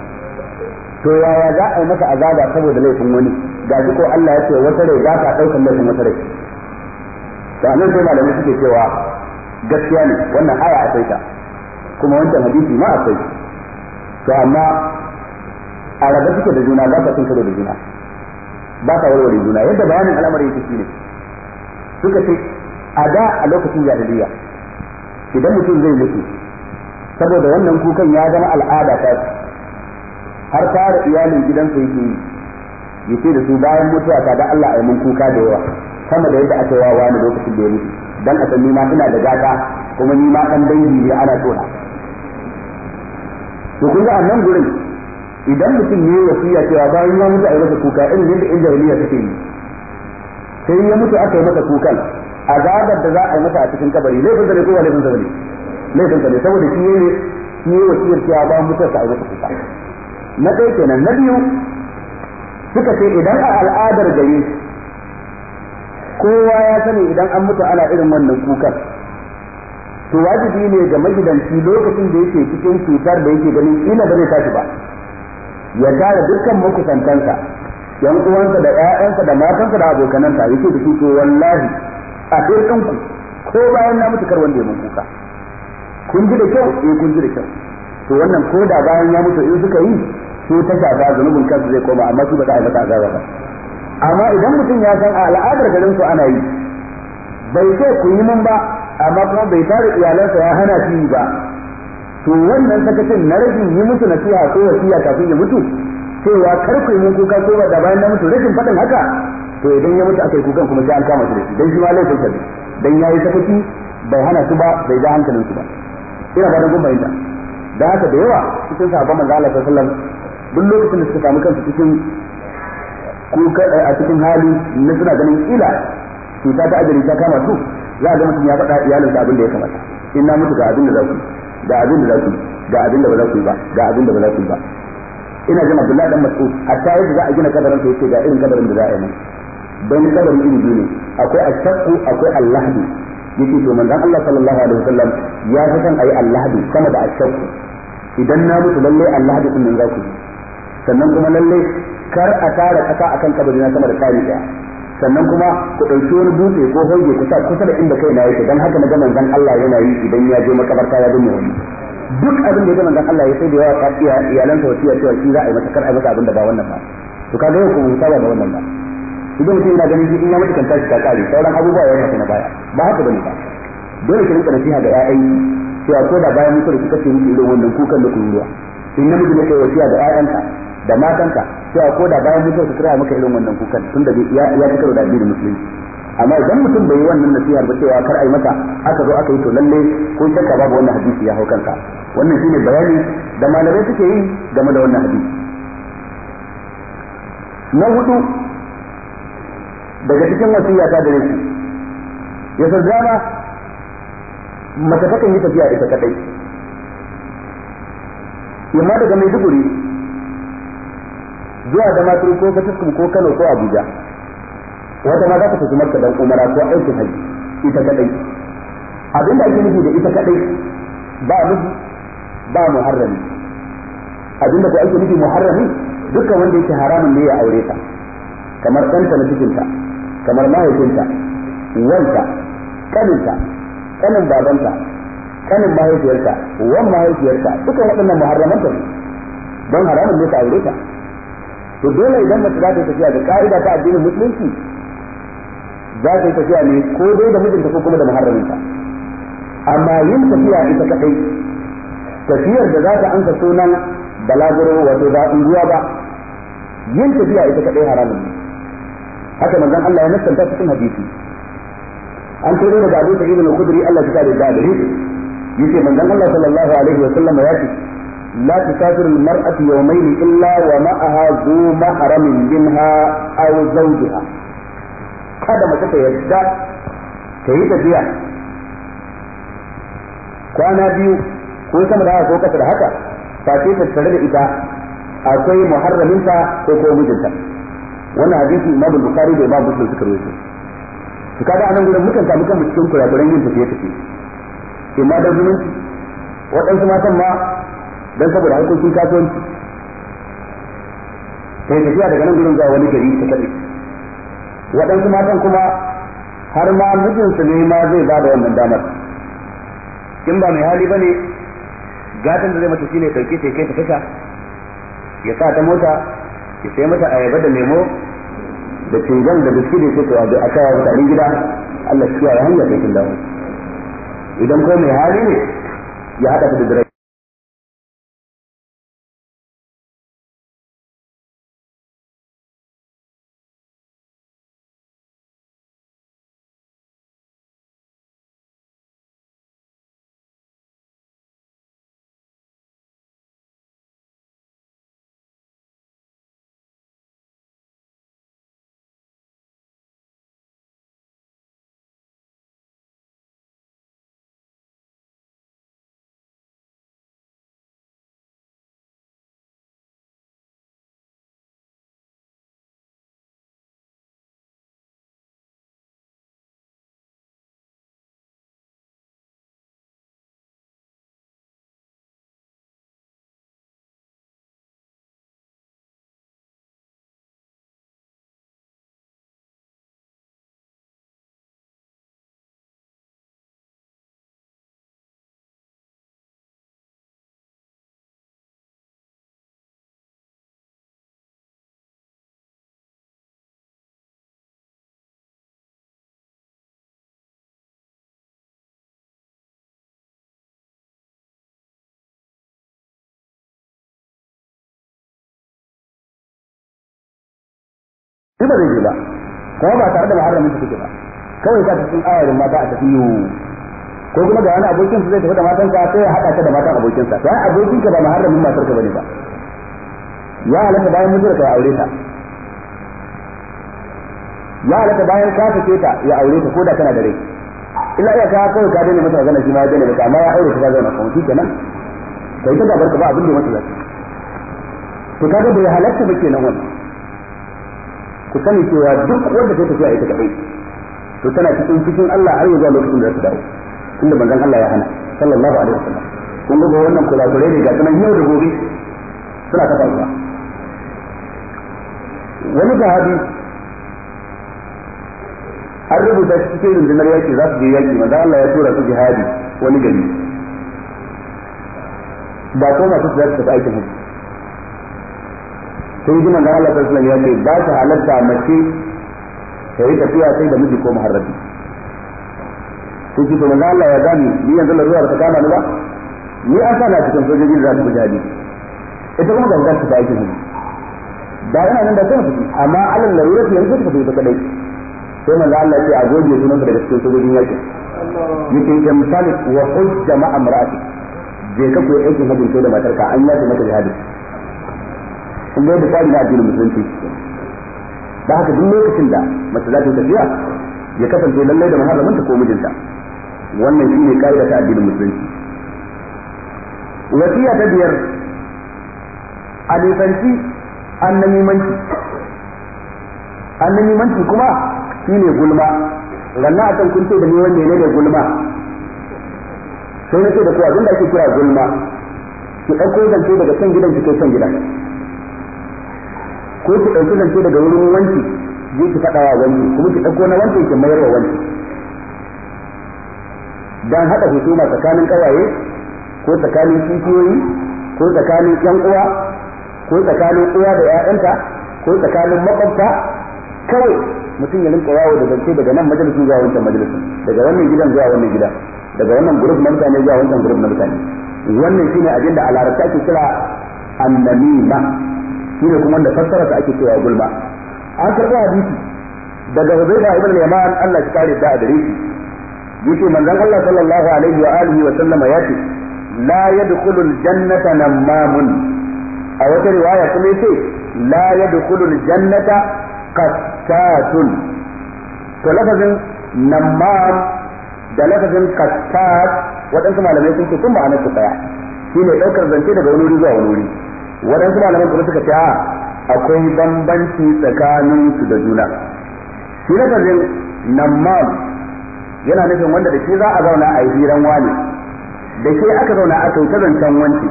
to yaya za a yi masa azaba saboda laifin wani ga ko Allah ya ce wata rai ba ta daukar laifin wata rai to nan sai malamai suke cewa gaskiya ne wannan aya akwai ta kuma wancan hadisi ma akwai to amma a rabe suke da juna za ka cin da juna ba ka warware juna yadda bayanin al'amari yake ne suka ce a da a lokacin jahiliya idan mutum zai mutu saboda wannan kukan ya zama al'ada ta har tare iyalin gidansa yake yi yake da su bayan mutuwa ta da Allah a mun kuka da yawa sama da yadda aka wawa ne lokacin da ya mutu dan a san ni ma ina da gata kuma ni ma dan dangi ne ana so na to kun ga annan gurin idan mutum ne wasiya cewa bayan ya mutu a yi masa kuka irin yadda in jahiliya take yi sai ya mutu aka yi masa kukan azabar da za a yi masa a cikin kabari laifin sa ne ko laifin sa ne laifin sa saboda shi ne shi ne wasiyar cewa bayan mutu a yi masa kuka na ɗaya kenan na biyu suka ce idan a al'adar gari kowa ya sani idan an mutu ana irin wannan kukan to wajibi ne ga magidanci lokacin da yake cikin cutar da yake ganin kila ba zai tashi ba ya tara dukkan makusantansa yan uwansa da ƴaƴansa da matansa da abokanansa yake da su to wallahi a ɗin ku ko bayan na mutu kar wanda ya mun kuka kun ji da kyau eh kun ji da kyau to wannan ko da bayan ya mutu in suka yi su ta shafa zunubin kansu zai koma amma su ba za a yi mata azaba ba amma idan mutum ya san a al'adar garin su ana yi bai so ku yi mun ba amma kuma bai tare iyalansa ya hana shi ba to wannan sakacin na rashin yi musu siya ko wasiya kafin ya mutu cewa kar ku yi mun kuka ko da bayan na mutu rashin faɗin haka to idan ya mutu aka yi kukan kuma sai an kama shi da shi dan shi ma laifin sa dan yayi sakaci bai hana su ba bai ja hankalin su ba ina ba da gumma da haka da yawa cikin sahabban manzo Allah sallallahu alaihi wasallam duk lokacin da suka samu kansu cikin ko a cikin hali na suna ganin ila cuta ta ajali ta kama su za a ga mutum ya faɗa iyalinsa abin da ya kamata in na mutu ga abin da za ku ga abin da za ku ga abin da ba za ku yi ba ga abin da ba za ku yi ba ina jin Abdullahi dan a hatta yadda za a gina kabarin sa yace ga irin kabarin da za a yi mai don kabarin iri biyu ne akwai ashaqqu akwai allahdu yake to manzon Allah sallallahu alaihi wasallam ya fi san ayi allahdu sama da ashaqqu idan na mutu lalle allahdu din nan za ku sannan kuma lalle kar a tara kasa akan kan na sama da tsari ɗaya sannan kuma ku ɗauki wani dutse ko hoge kusa kusa da inda kai na yake don haka na ga zan Allah yana yi idan ya je makabarta ya dinga wani duk abin da ya ga zan Allah ya sai da yawa kafiya iyalansa wasiya cewa shi za a yi masa kar a masa abin da ba wannan ba to kaga yau kuma saba da wannan ba idan mutum yana ganin in ya mutu kan tashi ta kare sauran abubuwa ya tafi na baya ba haka bane ba dole ki rinka nasiha ga ƴaƴan cewa ko da bayan mutu da kika ce mutu irin wannan kukan da kururuwa in namiji ne kai wasiya ga ƴaƴanka da matanka cewa ko da bayan mutuwa su kira maka irin wannan kukan tun da ya fi karo da addinin musulunci amma idan mutum bai yi wannan nasihar ba cewa kar a yi mata aka zo aka yi to lalle ko shakka babu wannan hadisi ya hau kanka wannan shine bayani da malamai suke yi game da wannan hadisi na hudu daga cikin wasiya ta gare shi ya san sarjana mace takan yi tafiya ita kadai yamma daga mai maiduguri zuwa da maturu ko fataskum ko kano ko abuja wata ma za ka tafi makka dan umara ko aikin hajji ita kadai abin da ake nufi da ita kadai ba miji ba muharrami abin da ake nufi muharrami dukkan wanda yake haramun ne ya aure ta kamar ɗanta na cikinta kamar mahaifinta wanta kaninta kanin babanta kanin mahaifiyarta wan mahaifiyarta dukkan waɗannan muharramanta ne don haramun ne ka aure ta to dole idan mace za ta yi tafiya da ka'ida ta addinin musulunci za ta yi tafiya ne ko dai da mijinta ko kuma da muharraminta amma yin tafiya ita kadai tafiyar da za ta ansa sunan balaguro wato zaɓin ruwa ba yin tafiya ita kadai haramun ne haka manzon Allah ya nassanta cikin hadisi an turo daga Abu Sa'id al-Khudri Allah ya kare da gare shi yace manzon Allah sallallahu alaihi wa sallam ya ce لا تسافر المرأة يومين إلا ومعها ذو محرم منها أو زوجها kada mace ta يجد كيف yi tafiya kwana biyu ko sama da haka ko kasa da haka ba tare da ita akwai muharraminta ko ko wannan hadisi imamu bukhari da imamu muslim suka rawaito to kaga anan gurin mukan samu kanmu cikin yin tafiye tafiye imma da zumunci waɗansu matan ma dan saboda harkokin kasuwanci sai tafiya daga nan gurin zuwa wani gari ta kaɗe waɗansu matan kuma har ma mijinsu ne ma zai ba da wannan damar in ba mai hali ba ne gatan da zai mata shine ɗauke ta kai ta tasha ya sa ta mota ya sai mata ayaba da nemo da cinjan da biski da ke to a kawo mutanen gida Allah shi ya hanya kai kin idan ko mai hali ne ya haɗa ta da shi ba zai yi ba kuma ba tare da muharramin su kuke ba kawai ka cikin ayarin mata a tafi yiwu ko kuma ga wani abokin su zai tafi da matan ka sai ya haɗa ka da matan abokin sa sai abokin ka ba muharramin matar ka bane ba ya halatta bayan mutuwar ka ya aure ta ya halatta bayan ka fice ta ya aure ta ko da kana da rai illa iya ka kawai ka daina masa magana shi ma ya daina maka amma ya aure ta zauna kuma shi kenan kai ta gabar ka ba abin da ya masa zai to kaga bai halatta ba kenan wannan ku sani cewa duk wanda ta tafiya ita kadai to tana cikin cikin Allah har zuwa lokacin da za ta dawo tunda manzon Allah ya hana sallallahu alaihi wasallam kun ga wannan kulakurai ne ga sanan yau da gobe suna ta faruwa wani sahabi an rubuta shi cikin rundunar yaki za su je yaki manzon Allah ya tura su jihadi wani gari ba ko masu su za su tafi aikin hajji sun gina manzon Allah sallallahu alaihi wasallam ya ce ba ta halatta mace ta yi tafiya sai da miji ko muharrabi sai ce to manzon Allah ya gani ni yanzu larura ta kama ni ba ni an sa na cikin sojoji da za su ita kuma gangar ta yake hudu da ina nan da kuma fiti amma alal larura ta yanzu ta fito ta kadai sai na Allah ya ce a goge sunan da cikin sojojin yakin yake ke misali wa hujja ma'a je ka koyi aikin hajjin sai da matarka an yace mata jihadi kun da yadda da na addinin musulunci da haka duk lokacin da mace za ta yi tafiya ya kasance lallai da muharramanta ko mijinta wannan shi ne da ta addinin musulunci wasiya ta biyar a nisanci annamimanci annamimanci kuma shi ne gulma ranna a kan kun ce da ni wanda ne ne gulma sai na ce da ku zunda ake kira gulma ki ɗauko zance daga can gidan ki kai can gidan ko ki ɗauki zance daga wurin wanki je ki faɗa wa wanki kuma ki ɗauko na wanki ki mayar wa wanki dan haɗa husuma tsakanin ƙawaye ko tsakanin kishiyoyi ko tsakanin ƴan uwa ko tsakanin uwa da ƴaƴanta ko tsakanin makwabta kawai mutum ya rinka yawo da zance daga nan majalisin zuwa wancan majalisin daga wannan gidan zuwa wannan gidan daga wannan grup na mutane zuwa wancan grup na mutane wannan shine abin da a larabta ake kira annamima ne kuma da fassara ta ake cewa gulma an karɓi hadisi daga Hudayda ibn al-Yaman Allah ya kare da gare shi yace manzon Allah sallallahu alaihi wa alihi wa sallama yace la yadkhulul jannata namamun a wata riwaya kuma yace la yadkhulul jannata qattatun to lafazin namam da lafazin qattat waɗansu malamai sun ce sun ma'anar su daya shine daukar zance daga wani wuri zuwa wani wuri waɗansu malaman kuma suka ce a akwai bambanci tsakanin su da juna shi na kazin namam yana nufin wanda da shi za a zauna a yi hiran wani da ke aka zauna a kyauta zancen wanci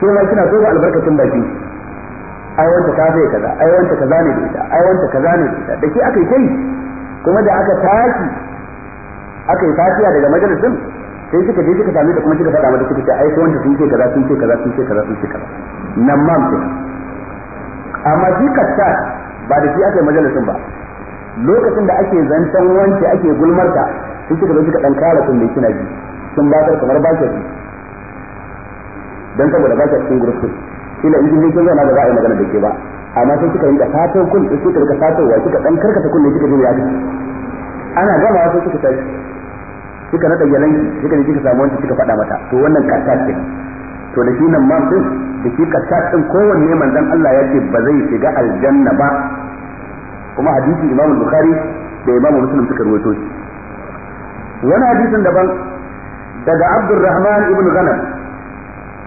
ke ma kina so ga albarkacin baki ai wanta ta zai kaza ai wanta kaza ne da ita ai wanta kaza ne da ita da ke aka yi kai kuma da aka tashi aka yi fatiya daga majalisin sai suka je suka same ta kuma suka faɗa mata suka ce ai wanda sun ce kaza sun ce kaza sun ce kaza sun ce kaza nan ma mutum amma shi kasta ba da shi aka yi majalisin ba lokacin da ake zancen wance ake gulmarta sun suka zo suka dan kara sun mai kina ji sun ba ta kamar ba ta ji dan saboda ba ta cikin gurfi kila in jin kin zama da za a yi magana da ke ba amma sai suka yi da fatan kun sai suka rika wa suka dan karkata kun ne suka ji ya ana gama sai suka tashi kika nada yalanki kika ne kika samu wanda kika faɗa mata to wannan kasa ce to da shi nan ma din da shi kasa din kowanne manzon Allah ya ce ba zai shiga aljanna ba kuma hadisi Imam Bukhari da Imam Muslim suka rawaito shi wani hadisin daban daga Abdurrahman ibn Ghanam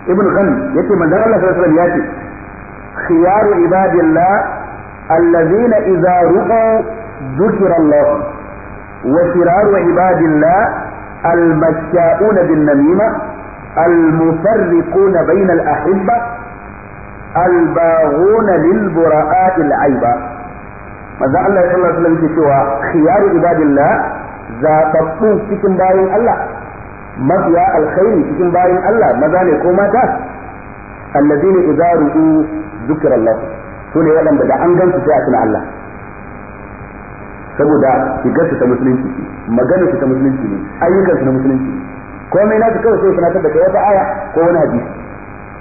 ibn Ghanam yace manzon Allah sallallahu alaihi wasallam ya ce khiyaru ibadillah alladhina idza ruqu ذكر الله وشرار عباد الله المشاؤون بالنميمة المفرقون بين الأحبة الباغون للبراءة العيبة ماذا قال الله صلى الله عليه وسلم خيار عباد الله ذا تطوف في كنباري الله مضيع الخير في كنباري الله ماذا نقوم هذا الذين إذا رؤوا ذكر الله هنا يعلم بدأ أنجم في جاءة الله saboda shigar su ta musulunci magana su ta musulunci ne ayyukan su na musulunci komai na su kawai sai sanatar da kai wata aya ko wani hadisi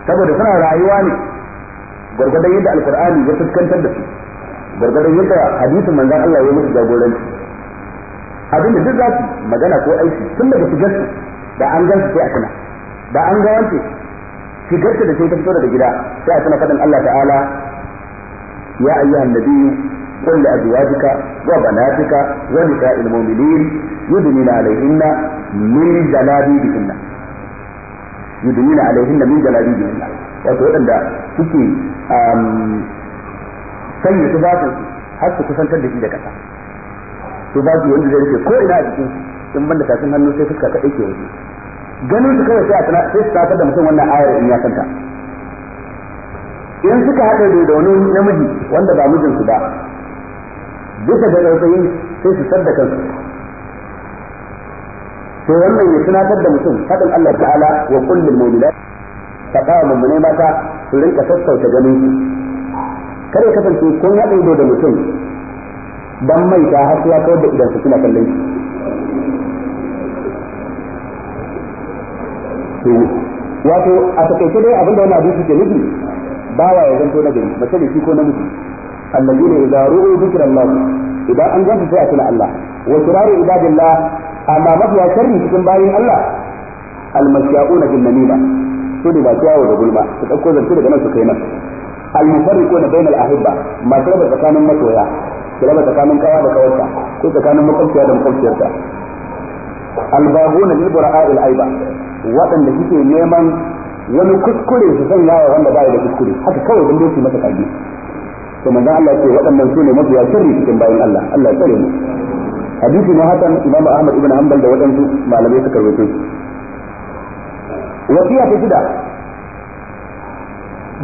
saboda suna rayuwa ne gwargwadon yadda alkur'ani ya fuskantar da su gwargwadon yadda hadisin manzan Allah ya musu jagoranci abinda duk za su magana ko aiki tun daga shigar su da an gan su sai a tuna da an ga wance shigar su da sai ta fito daga gida sai a tuna faɗin Allah ta'ala ya ayyuhan nabiyyu قل لأزواجك وبناتك ونساء المؤمنين يدنين عليهن من جلابيبهن يدنين عليهن من جلابيبهن wato waɗanda suke sanya su basu har su kusantar da shi da ƙasa su basu wanda zai rufe ko ina a jikin in banda tafin hannu sai fuska kaɗai ke waje ganin su kawai sai a su tafar da mutum wannan ayar in ya santa in suka haɗa da wani namiji wanda ba mijinsu ba duka da rautsayi sai su sadda kansu to wannan ya tunatar da mutum fadin Allah ta'ala wa kullum mu'minat faɗa kawo mummune mata su rinka sassauta ganin su kare kasance kun haɗa ido da mutum dan mai ta har ya kawar da idan su kina kallon shi wato a takaice dai abinda wani abin su ke nufi bawa ya zanto na gari mace da shi ko namiji alladhina idza ru'u na Allah idan an ganta sai a tuna Allah wa shiraru ibadillah amma mafiya sharri cikin bayin Allah almasyauna bin namima su ne ba kyawu da gulma su dauko zance daga nan su kai nan almufarriquna bainal ahibba masu raba tsakanin masoya su raba tsakanin kawa da kawarta ko tsakanin makwabciya da makwabciyarta albabuna lil bura'il aiba waɗanda suke neman wani kuskure su sanya wa wanda baya da kuskure haka kawai dan doki masa kalbi to manzo Allah ce waɗannan su ne mafiya sirri cikin bayan Allah Allah ya tsare mu hadisi na hakan Imam Ahmad ibn Hanbal da waɗansu malamai suka rawaito wasiya ta shida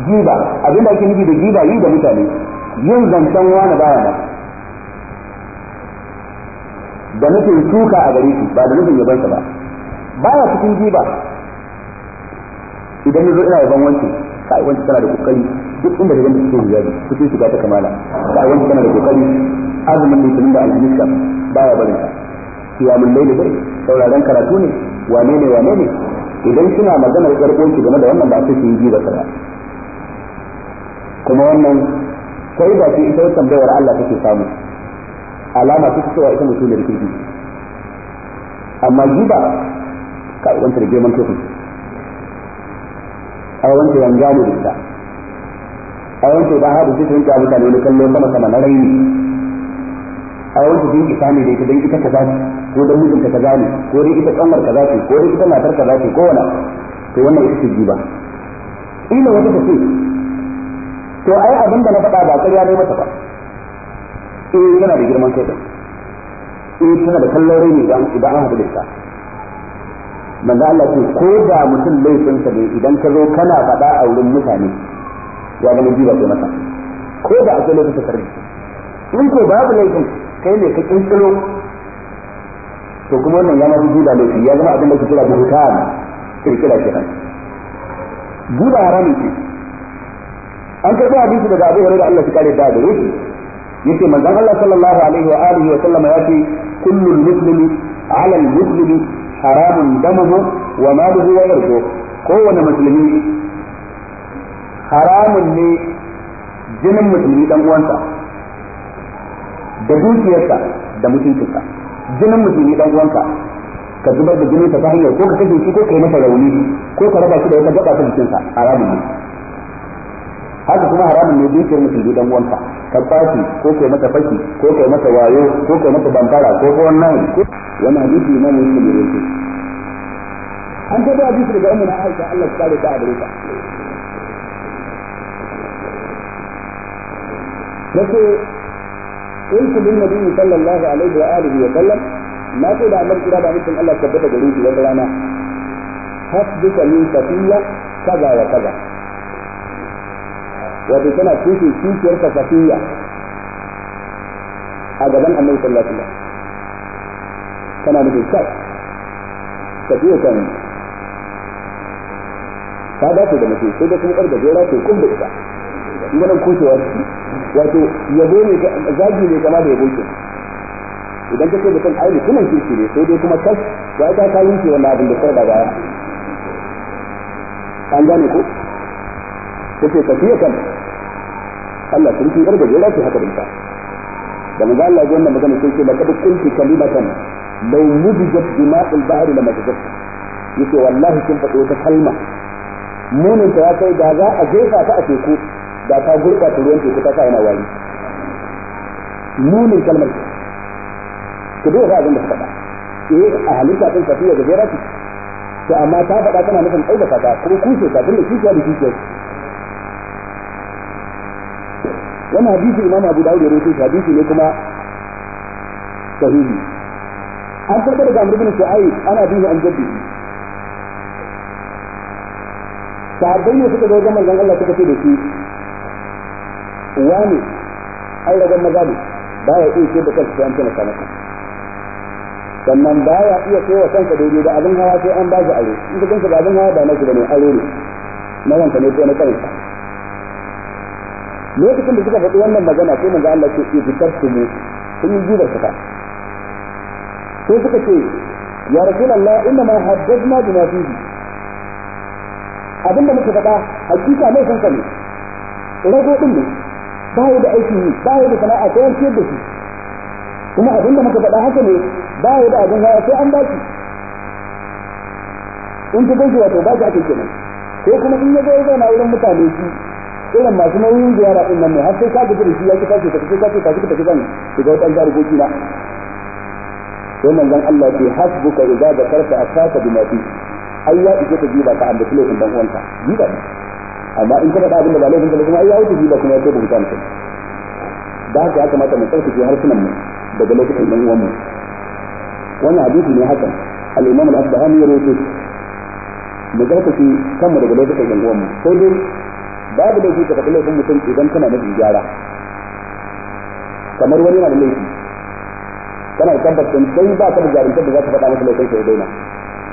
giba abinda ake nufi da giba yi da mutane yin zancen wani baya nan da nufin shuka a gare shi ba da nufin yabansa ba baya cikin giba idan ya zo ina yaban wancan kai tana da kokari duk inda da ganda suke hijabi suke shiga ta kamala kai tana da kokari azumin litinin da alhamis ka baya bari ka kiyamun dai sauraron karatu ne wane ne wane ne idan kina maganar karkonki game da wannan ba sai su yi jiba ba kuma wannan sai da ce ita tambayar Allah take samu alama take cewa ita mutum da kirki amma jiba kai da girman kai auren ta yanga da ita auren ta ba haɗu cikin ta mutane wani kallon sama sama na raini auren ta dinki sani da ita dan ita kaza zaki ko dan mijin ta zaki ko dai ita kamar kaza zaki ko dai ita matar kaza zaki ko wala to wannan ita ce jiba ina wata ta ce to ai abin da na faɗa ba ƙarya ne mata ba eh yana da girman kai da eh tana da kallon raini idan an haɗu da ita manzo Allah ce ko da mutum laifinsa ne idan ka zo kana faɗa a wurin mutane ya ga ba sai masa ko da akwai laifin ka in ko babu laifin kai ne ka kinkiro to kuma wannan ya ma da laifi ya zama abin da ke kira buhutan kirkira kan. buda haramun ce an karɓi hadisi daga abu da Allah ya kare da da shi yace manzo Allah sallallahu alaihi wa alihi wa sallama yace kullu muslimi ala al muslimi haramun damuhu wa maluhu wa irdu kowane musulmi haramun ne jinin musulmi dan uwansa da dukiyarsa da mutuncinsa jinin musulmi dan uwanka ka zubar da jinin ta hanyar ko ka kashe shi ko ka yi masa rauni ko ka raba shi da wata gaba ta jikinsa haramun ne haka kuma haramun ne dukiyar musulmi dan uwanka ka kwaci ko kai mata faki ko kai mata wayo ko kai mata bambara ko ko wannan wannan hadisi ne mun yi ne an ta hadisi daga ummu na Aisha Allah ta rika da rika yace ku bin nabi sallallahu alaihi wa alihi wa sallam na ce da annabi kira da mutum Allah tabbata gare shi wata rana hasbuka min safiya kaza wa kaza wato tana tushe kishiyar kasafiya a gaban annabi sallallahu alaihi wasallam tana nufin kai tafiya kan ta dace da mutum sai da kuma ƙar gajera ce kun da ita ganin kushewa wato yabo ne zagi ne kama da yabo ke idan kake mutum aini kuma kirki ne sai dai kuma kas ya ta yi ce wannan abin da kar da baya an gane ko kace tafiya kan Allah sun fi yarda jera ce haka dinka da manzo Allah ya wannan magana sai ce da kada kunti kalimatan law mudijat dima'ul bahri lama tajat yace wallahi kin faɗo ta kalma munin ta ya kai da za a jefa ta a teku da ta gurɓata ruwan teku ta sa yana wari munin kalmar ku dai ga abin da faɗa eh a halitta din safiya da jera ce to amma ta faɗa tana nufin aibata ta kuma kushe ta dinne kishiya da kishiya wannan hadisi imam abu dawud ya rawaito hadisi ne kuma sahihi an karɓar daga amr ibn shu'aib ana bihi an jaddi sahabbai ne suka zo ga manzon Allah suka ce da shi wani ai ragan maza ne baya iya ce da kansa sai an taimaka masa sannan baya iya kai wa kansa daidai da abin hawa sai an ba shi aro in ka kansa ba abin hawa ba na shi bane aro ne na wanka ne ko na kansa lokacin da suka faɗi wannan magana sai manzo Allah ce ki ne sun yi jibar suka to suka ce ya rasulullah inna ma haddadna bima fihi abinda muke faɗa hakika mai san ka ne rago din ne ba da aiki ne ba da sana'a sai an ciyar da shi kuma abinda muka faɗa haka ne ba da abin hawa sai an baki in ta gaji wato ba ki ake kenan ko kuma in ya zo ya zauna wurin mutane shi irin masu nauyin ziyara ɗin nan ne har sai ka gaji da shi ya ki tashi ka sai ka ce ka ji ka ji zan shiga wata jihar goki na sai manzon Allah ce da idza a kasa bima mafi ai ya ike ka jiba ka ambaci laifin dan uwanka jiba ne amma in ka faɗa abin da ba laifin kuma ai ya wuce jiba kuma ya ce bukuta mutum da haka ya kamata mu tsarkake harsunan mu daga lokacin dan uwan mu wannan hadisi ne hakan al-imam al-asbahani ya rawaito mu tsarkake kanmu daga lokacin dan uwan mu sai dai babu da ka faɗi laifin mutum idan kana nufin gyara kamar wani yana da laifi kana da tabbacin sai ba ka da jarumtar da za ka faɗa masa laifin sai daina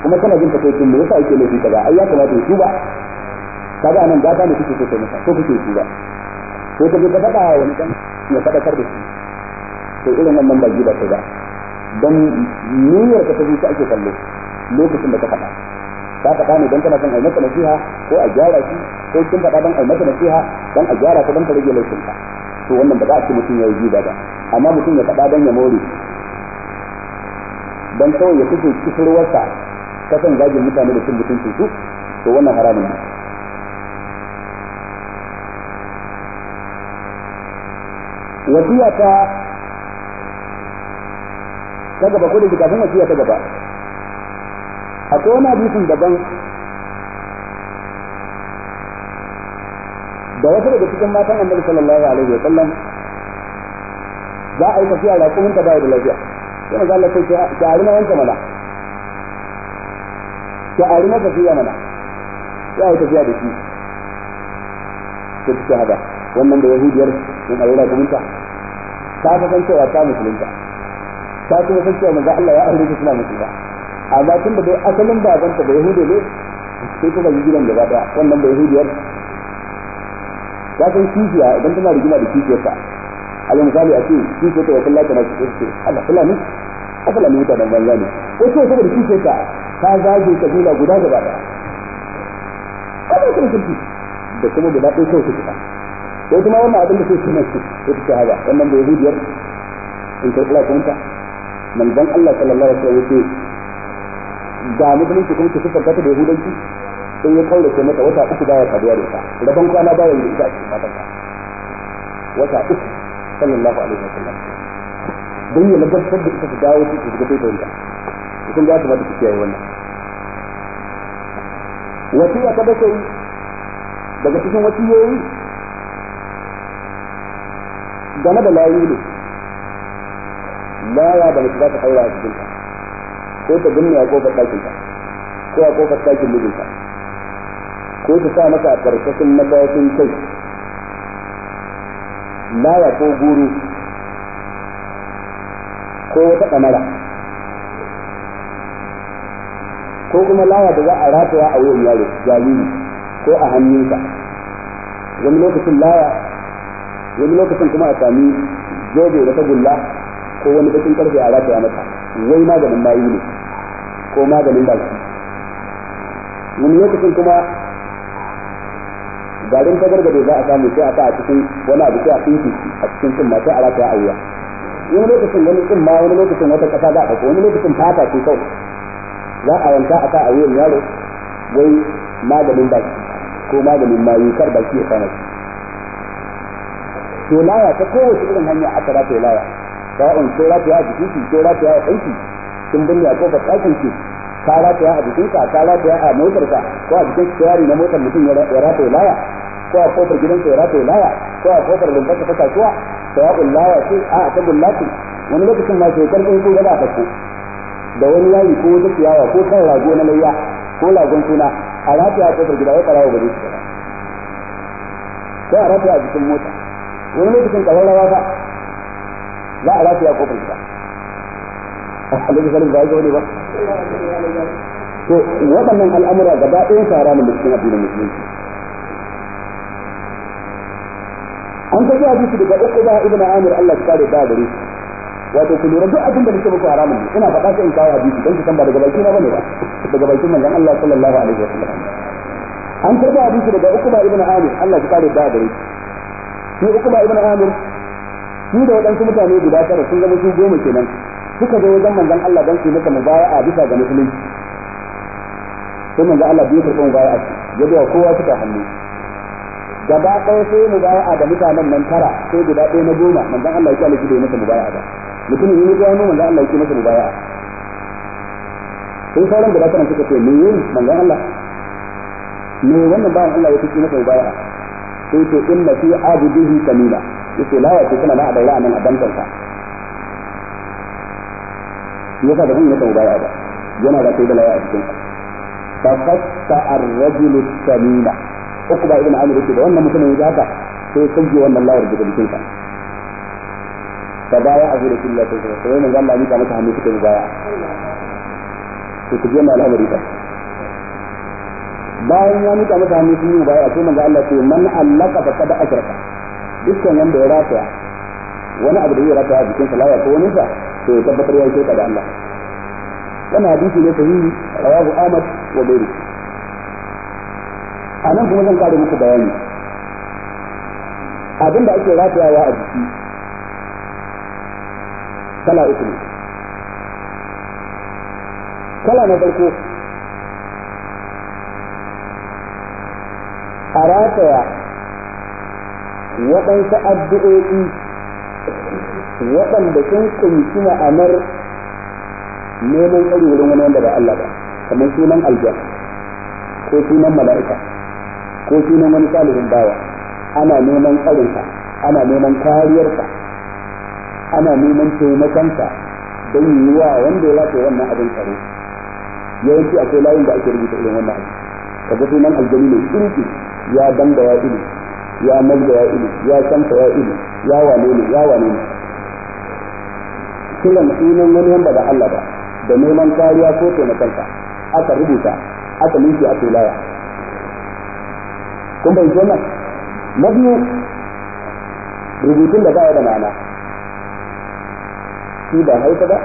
kuma kana jin takaicin me yasa yake laifi kaza ai ya kamata ya tuba kaga anan gata ne kike so kai masa ko kike tuba sai ka je ka faɗa wani dan ya faɗakar da shi to irin wannan ba gida sai ba dan niyyar ka ta zuci ake kallo lokacin da ka faɗa ka faɗa don kana son a masa nasiha ko a gyara shi ko kin faɗa don a masa nasiha don a gyara ka don ka rage laifin ka to wannan ba za a ce mutum ya yi jiba ba amma mutum ya faɗa don ya more don kawai ya fito kifirwarsa ta san zagin mutane da cin mutuncin su to wannan haramun ne wasiya ta ta gaba ko da kafin wasiya ta gaba akwai wani hadisin daban da wasu daga cikin matan annabi sallallahu alaihi wa sallam za a yi tafiya da kuma ta bayar da lafiya sai maza Allah sai ta ari na wanka mana ta ari na tafiya mana sai a yi tafiya da shi ta ci hada wannan da yahudiyar sun aure da kuminta ta fa san cewa ta musulunta ta kuma san cewa maza Allah ya aure ta suna musulunta amma tun da dai asalin babanta da yahudu ne sai kuma gidan gaba daya wannan da yahudiyar ya san kishiya idan tana rigima da kishiyarsa a yi misali a ce ta ya kullata na cikin ce ala fulani a fulani mutanen banza ne ko ce saboda kishiyarta ta zage kabila guda gaba daya kamar kuma kifi da kuma guda ɗaya kawai ta. ko kuma wannan abin da sai suna su ita ta haza wannan da yahudiyar in karɓi lafiyanka manzon Allah sallallahu alaihi wasallam ya ce ga musulunci kuma ki sifanta ta da yahudanci in ya kaura ce mata wata uku baya saduwa da ita rabon kwana baya da ita a cikin matanka wata uku sallallahu alaihi wa sallam don ya nagartar da ita ta dawo ta shiga bai da wanda kun ga ta ba ta kiyaye wannan wasiya ta bakwai daga cikin wasiyoyi game da layu ne laya da mutu za ta haura a cikinta ko ta binne a kofar ɗakin ka ko a kofar ɗakin mijinka ko ta sa masa a ƙarƙashin matashin kai laya ko guru ko wata ɗamara ko kuma laya da za a ratawa a wuyan yaro jariri ko a hannunsa wani lokacin laya wani lokacin kuma a sami zobe wata gulla ko wani bakin karfe a rataya mata wai maganin bayi ne ko maganin baki wani lokacin kuma garin da za a samu sai a sa a cikin wani abu sai a tsinki a cikin cin masu a rataya a wuya wani lokacin wani cin ma wani lokacin wata kasa za a wani lokacin fata ce kawai za a yanka a sa a wuyan yaro wai maganin baki ko maganin mayu kar baki ya kama shi to laya ta kowace irin hanya aka rataye laya sawa'un ko rataya a jikin ko rataya a aiki sun binne a kofar ɗakin ki ka rataya a jikinka ka rataya a motarka ko a jikin tsari na motar mutum ya rataya laya ko a kofar gidansa ya rataya laya ko a kofar lumbarsa ta kasuwa sawa'un laya ce a ta tabin wani lokacin ma shekar ɗin ko gaba a da wani layi ko wata ciyawa ko kan rago na layya ko lagun suna a rataya a kofar gida ya ɓarawa wa gari ta, ko a rataya a jikin mota wani lokacin ƙararrawa ba za a rataya a kofar gida a lokacin da ya zo ne ba to waɗannan al'amura gaba ɗaya tara mu cikin addinin musulunci an ta ji hadisi daga Uqba ibn Amir Allah ya kare da gare wato ku lura duk abin da nake muku ne? ina faɗa sai in kawo hadisi dan kitan ba daga baki na bane ba daga bakin manzon Allah sallallahu alaihi wa wasallam an karba hadisi daga uku Uqba ibn Amir Allah ya kare da gare shi Uqba ibn Amir shi da waɗansu mutane guda tara sun zama su goma kenan suka zo wajen manzon Allah don su maka mubaya'a bisa ga musulunci sai manzon Allah bai karɓi mubaya'a ya biya kowa suka hannu gaba ɗaya sai mubaya'a da mutanen nan tara sai guda ɗaya na goma manzon Allah ya kyale shi da masa mubaya'a ba mutumin ne ya gano manzon Allah ya masa mubaya'a sai sauran guda tara suka ce me yin manzon Allah me wannan bayan Allah ya fice masa mubaya'a sai ce inna fi abudihi kamila yace la ya ce kana na a nan a dangansa shi yasa da zan yi baya ba yana da kai da laya a cikin fa qatta ar-rajul samina uku ba ibn amir yake da wannan mutumin ya haka sai ya sanje wannan lawar daga jikin ka. fa baya a gurin Allah ta sai wannan Allah ya masa hannu suka baya to ku je na al'amari ka bayan ya mika masa hannu sun yi baya sai manzo Allah ce man allaka fa qad ashraka dukkan wanda ya rataya wani abu da ya rataya a jikin sa lawar ko wani sa to ya tabbatar ya shirka da Allah wannan hadisi ne sahihi rawahu Ahmad wa Bayri a kuma zan kare muku bayani abin da ake ratayawa a jiki kala uku ne kala na farko a rataya waɗansu addu'o'i waɗanda sun kunshi ma'anar neman tsari wurin wani wanda ba Allah ba kamar sunan aljan ko sunan mala'ika ko sunan wani salihin bawa ana neman tsarinsa ana neman kariyarsa ana neman taimakonsa don yi wa wanda ya ce wannan abin tsaro yawanci akwai layin da ake rubuta irin wannan abin kaga sunan aljani ne kirki ya danga ya ilu ya mazga ya ilu ya santa ya ilu ya wane ne ya wane ne kiran sunan wani wanda ba Allah ba da neman kariya ko taimakonsa aka rubuta aka nufi a tulaya kun bai ce nan na biyu rubutun da baya da ma'ana shi ba haifa ba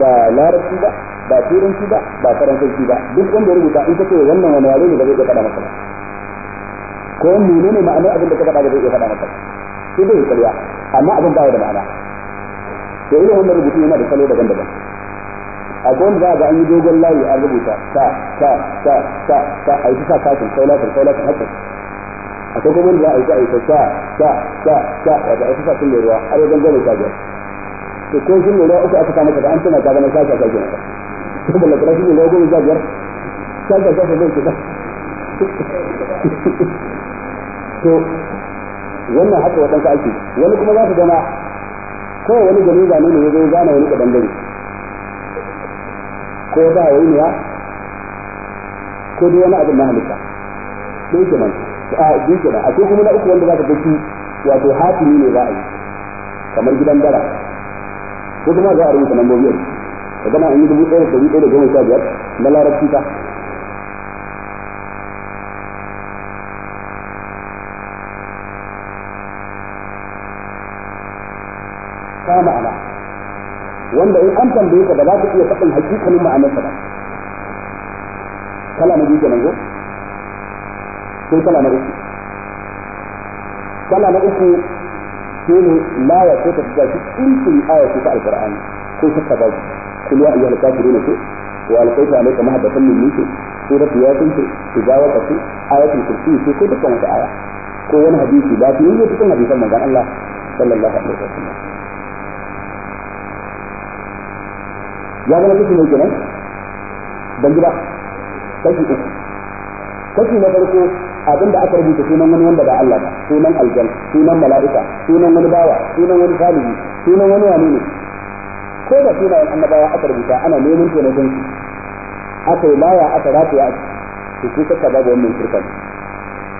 ba larabci ba ba turanci ba ba faransanci ba duk wanda rubuta in kace wannan wani yare ne ba zai iya faɗa maka ba ko menene ma'anar abin da ka faɗa ba zai iya faɗa maka sai dai kariya amma abin baya da ma'ana to irin wannan rubutu yana da salo daban-daban a wanda za a ga an yi dogon layi a rubuta ta ta ta ta ta a yi ta kafin sai lafin sai lafin haka akwai kuma wanda za a yi ta a yi ta ta ta ta ta wata a yi ta sun ruwa a yi gangan ta biyar to ko sun ruwa uku aka ta da an tana ta gana sasha kajiyar ta to balla kuma sun ruwa goma sha biyar sasha zai fita to wannan haka waɗansu ake wani kuma za su gana. kawai wani gani ba ne ya zai gane wani kadan gari ko ba wani ya ko dai wani abin na halitta ke nan a dai kenan a kuma na uku wanda za ka ga wato hatimi ne za a yi kamar gidan dara ko kuma za a rubuta lambobi a ciki ka gana an yi dubu ɗaya da dubu ɗaya da goma sha biyar na larabci ta ta ma'ana wanda in an tambaye ka ba za ka iya faɗin hakikanin ma'anar ba kala na biyu kenan ko sai kala na uku kala na uku shine la ya ko ta tafi cikin ayatu ta alqur'ani ko ta bai kul ya ayyuhal kafirun ko wa alqaitu alayka mahabbatan min minkum suratu yasin ko tijawa ko ayatul kursi ko ko dukkan wata aya ko wani hadisi da yi cikin hadisan manzon Allah sallallahu alaihi wasallam ya zama kashi mai kenan ban gida kashi uku kashi na farko abin da aka rubuta sunan wani wanda ba Allah ba sunan aljan sunan mala'ika sunan wani bawa sunan wani salihi sunan wani wani ne ko da sunayen annabawa aka rubuta ana neman to na gansu aka yi baya aka rataya a ciki su kaka babu wannan shirka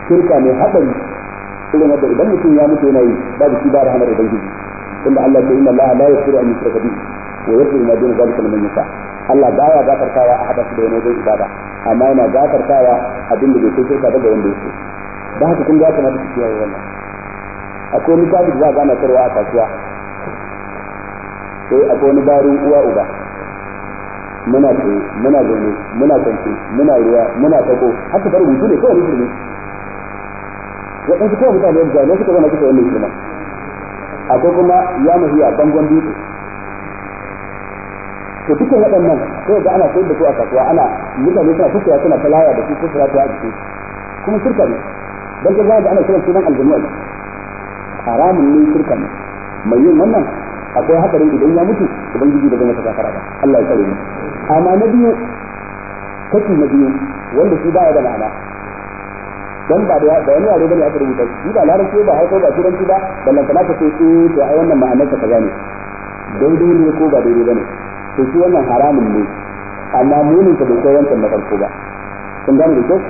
shirka mai haɗari irin wanda idan mutum ya mutu yana yi babu shi ba da rahamar ubangiji tunda Allah ya yi inna Allah la yaghfiru an yushraka bihi wa yarju ma dun zalika min nisa Allah baya gafartawa a hadasu da wani wajen ibada amma yana gafartawa abin da bai kai shirka da wanda yake da haka kun ga kana cikin yawa wannan akwai ni da za a gana sarwa a kasuwa sai akwai wani barin uwa uba muna ce muna zaune muna kwanci muna ruwa muna tako haka bar rubutu ne kawai rubutu ne waɗansu kawai mutane da jami'ai suka zama suka wannan shirma akwai kuma ya mahiya bangon dutse to dukkan waɗannan sai ga ana sayar da su a kasuwa ana mutane suna fitowa suna talaya da su su fara ta jiki kuma shirka ne dan ga da ana kiran sunan aljanna haramun ne shirka ne mai yin wannan akwai hakarin idan ya mutu ubangiji da zama ta kafara ba Allah ya tsare mu amma na biyu kashi na biyu wanda shi baya da ma'ana dan ba da da wani yare bane aka rubuta shi ba larabci ba hausa ba turanci ba ballan kana ka ce eh to ai wannan ma'anar ta kaza ne daidai ne ko ba daidai bane to shi wannan haramun ne amma munin ka bai kai wancan na farko ba kun gane da kyau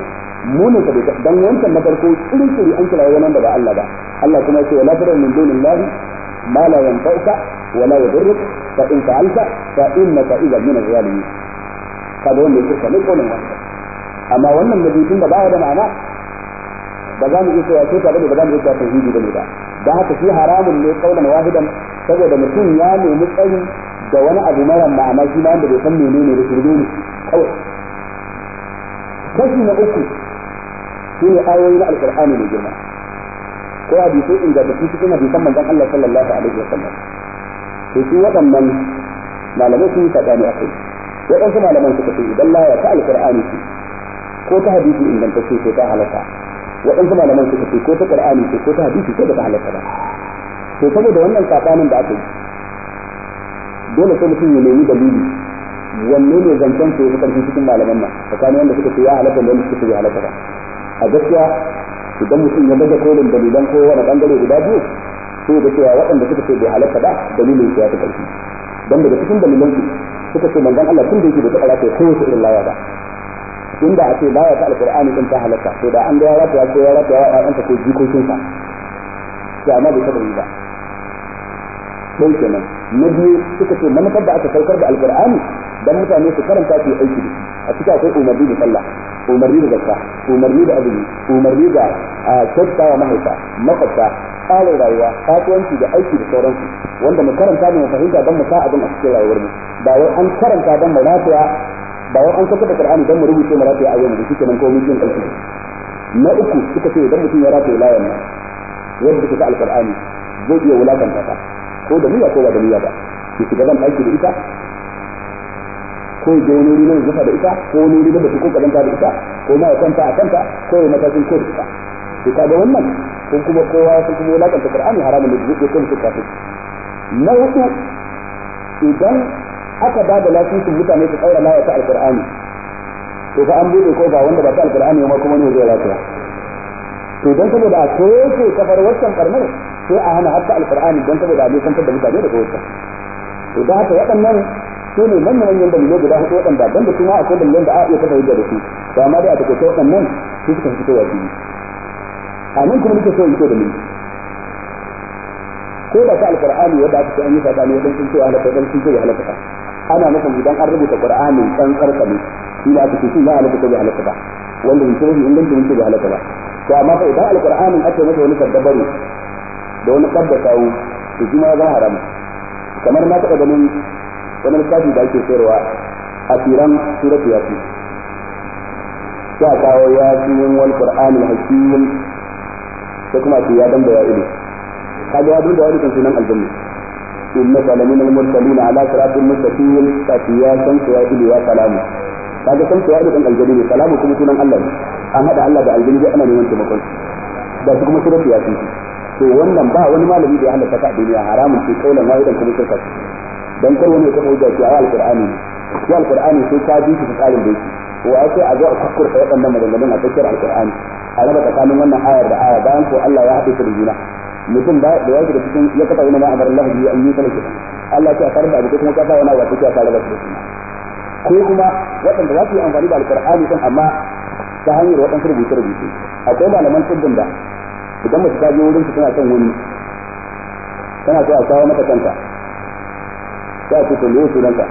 munin ka bai kai dan wancan na farko irin shi an kira wannan da ba Allah ba Allah kuma ce wala tara min dunillahi ma la yanfa'uka wala yadurruk fa in fa'alta fa innaka idhan min az-zalimin kaga wanda yake kamar kolin wannan amma wannan mabitin da baya da ma'ana ba za mu iya cewa sai tare da ba za mu iya cewa tauhidi bane ba da haka shi haramun ne kaulan wahidan saboda mutum ya nemi tsari da wani abu mara ma'ana shi ma wanda bai san menene da shirme ne kawai kashi na uku shine ayoyi na alqur'ani mai girma ko hadisi ingantattu cikin hadisan manzon Allah sallallahu alaihi wasallam to shi waɗannan malamai sun yi tsakani a kai waɗansu malaman suka ce idan laya ta alqur'ani ce ko ta hadisi ingantacce ce ta halaka waɗansu malaman suka ce ko ta qur'ani ce ko ta hadisi ce da ta halaka ba to saboda wannan tsakanin da aka yi dole sai mutum ya nemi dalili wanne ne zancen su ya karfi cikin malaman nan tsakanin wanda suka ce ya halatta da wanda suka ce ya halatta ba a gaskiya idan mutum ya daga kolin dalilan ko wani bangare guda biyu sai da cewa waɗanda suka ce bai halatta ba dalilin su ya fi karfi Don daga cikin dalilan su suka ce manzon Allah tun da yake da ta alaƙa ko irin laya ba inda a ce laya ta Alkur'ani din ta halatta to da an da ya rataya ko ya rataya wa ta ko jikokinsa to amma bai taɓa yi ba sai kenan na biyu suka ce manufar da aka saukar da alqur'ani dan mutane su karanta su aiki da a cikin akwai umarni da sallah umarni da zakka umarni da azumi umarni da kyautata wa mahaifa makwabta tsarin rayuwa kasuwanci da aiki da sauransu wanda mu karanta mu fahimta don mu sa abin a cikin rayuwar mu ba wai an karanta don mu lafiya ba wai an saka da qur'ani don mu rubuce mu lafiya a yau da shike nan ko mun jin kalki na uku suka ce idan mutum ya rataye layan nan yadda suka alqur'ani zai iya wulakanta ta ko da niyya ko ba da niyya ba ki shiga ban aiki da ita ko da je wani wuri na zufa da ita ko wani wuri na da ko ta da ita ko ma ya ta a kanta ko ta cin ko ta ita ka kaga wannan ko kuma kowa ya san kuma wulakanta qur'ani haramun ne zai kai ta kafin na hudu idan aka ba da lafiyar mutane su tsaura laya ta alqur'ani to fa an bude ko ba wanda ba ta alqur'ani ma kuma ne zai lafiya. to dan saboda a toshe kafar wancan karnar sai a hana hatta alqur'ani dan saboda a nisan da mutane daga waccan to da haka waɗannan su ne manyan manyan dalilai guda hudu waɗanda dan da suna akwai dalilan da a iya kafa hujja da su to amma dai a take waɗannan su suka fito wa fili a nan kuma nake so in ce da ni ko da ta alqur'ani wanda aka ce an yi sabani wadan sun ce halaka dan sun ce halaka ana nufin idan an rubuta qur'ani dan karkare shi ne aka ce shi ya halaka ko ya halaka wanda bai kuma inganci mun ce da halaka ba to amma fa idan alqur'anin aka masa wani kaddabaru da wani kadda kawo to shi ma za haram kamar na taɓa ganin wani littafi da ake sayarwa a firan suratu yasin ya a kawo yasin wani qur'anil hakimin sai kuma ce ya dan da ya ido kaga ya dan da wani ido sunan aljanna innaka lamina al-mursalin ala siratin mustaqim fa ya san ya ido ya salamu kaga san cewa da aljani ne salamu kuma sunan Allah ne an hada Allah da aljani ana neman taimakon da su kuma surutu ya tuntu to wannan ba wani malami da ya halatta ka duniya haramun ce kaulan wahidan kuma shirka dan kar wani ya kafa hujja cewa alqur'ani ya alqur'ani sai ka bi shi tsarin da yake wa sai a zo a kakkurta waɗannan maganganun a tsakiyar alqur'ani a raba tsakanin wannan ayar da ayar bayan ko Allah ya haɗe da juna mutum da da yake da cikin ya kafa yana ma'amar Allah bi an Allah ya farda abu kuma kafa yana wa take ya fara da su ko kuma waɗanda za su yi amfani da alkur'ani kan amma ta hanyar waɗansu rubuce-rubuce akwai malaman tsibbin da idan mace ta je wurin su tana son wani tana so a kawo mata kanta ta ce to me sunanka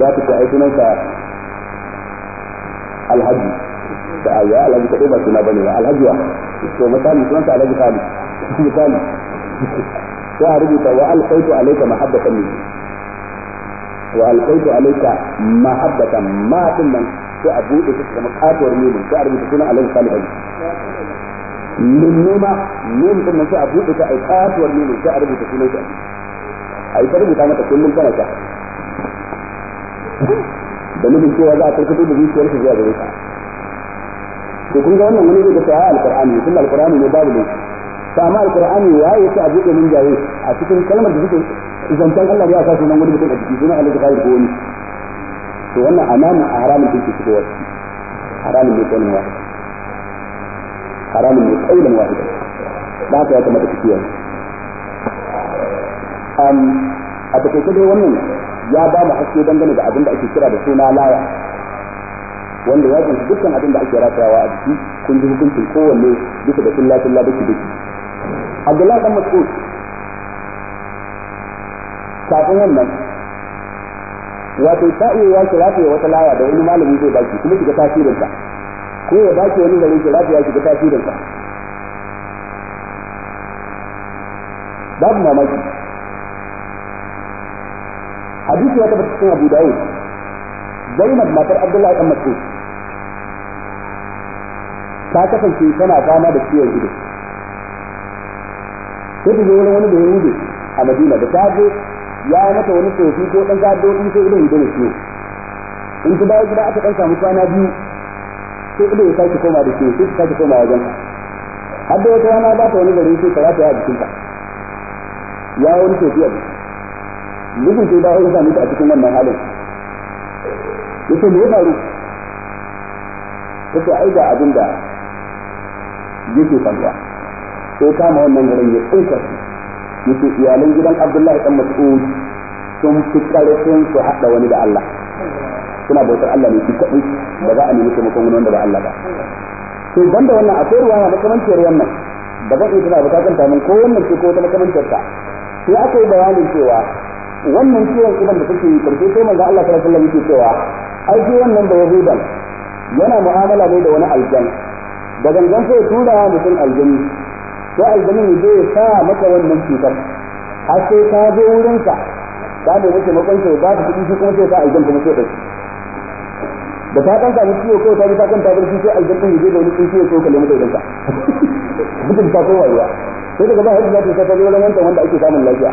za ta ce ai sunanka alhaji ta ayya alhaji kaɗai ba suna bane ba alhaji wa to misali sunanka alhaji kali misali Ta a rubuta wa alfaitu alaika mahabbatan ne wa alqaitu alayka mahabbatan ma din nan sai a bude ta zama katuwar nemi sai a rubuta sunan alaihi min nema nemi din nan a bude ta a katuwar nemi sai a rubuta sunan shi a yi ta mata kullum kana ta da da kun ga wannan wani zai ga alqur'ani tun alqur'ani ne babu ne to amma alqur'ani yi yake a buɗe min jaye a cikin kalmar da suke zancen Allah ya a nan wani mutum a jiki suna alaƙa kai ko wani to wannan alamun a haramun da ke shigo wasu haramun ne kaunin wahida haramun ne kaunin wahida ba haka ya kamata ku kiyaye a takaice dai wannan ya ba mu haske dangane da abin da ake kira da suna laya wanda ya kunshi dukkan abin da ake ratayawa a jiki kun ji hukuncin kowanne bisa da tilla tilla biki biki Abdullahi dan masu kafin wannan wato ta iya ya kira ta wata laya da wani malami zai baki kuma shiga tasirinta ta ko ya baki wani garin kira ta shiga tasirinta babu mamaki hadisi ya tabbata cikin Abu Dawud Zainab matar Abdullahi ya kammace ta kasance tana fama da ciwon ido sai da zo wani da ya wuce a Madina da ta zo ya yi mata wani sofi ko ɗan gadoɗi sai ido idan ciwo in ta dawo gida aka ɗan samu kwana biyu sai ido ya sake koma da ciwo sai ta sake koma wajen har da wata rana ba ta wani gari sai ta rataya a jikinta ya yi wani sofi a jiki mijin sai dawo ya sami ta a cikin wannan halin ya ce me ya faru ta ce ai ga abin da yake faruwa sai kama wannan garin ya tsinka shi yake iyalan gidan Abdullahi dan Mas'ud sun fi karfin su haɗa wani da Allah suna bautar Allah ne shi kadai ba za a nemi taimakon wani wanda ba Allah ba to banda wannan akwai ruwaya makamanciyar wannan ba zan iya tana ba ta kanta min ko wannan ce ko wata makamanciyar ta sai aka yi bayanin cewa wannan ciwon idan da take yi karfe sai manzo Allah sallallahu alaihi wasallam yake cewa ai shi wannan da yahudan yana mu'amala ne da wani aljan da gangan sai tura mutum aljini sai aljanin ne zai sa maka wannan cutar har sai ka zo wurinka ka nemi taimakon sai ba ka kuɗi shi kuma sai ka aljan kuma sai shi da ta kanta ne ciwo kawai ta ji ta kanta barci sai aljan ɗin ya je da wani tsinci ya tsoka lemu da idanka mutum ta kowa ruwa sai daga ba hajji za ta yi ta zo wancan wanda ake samun lafiya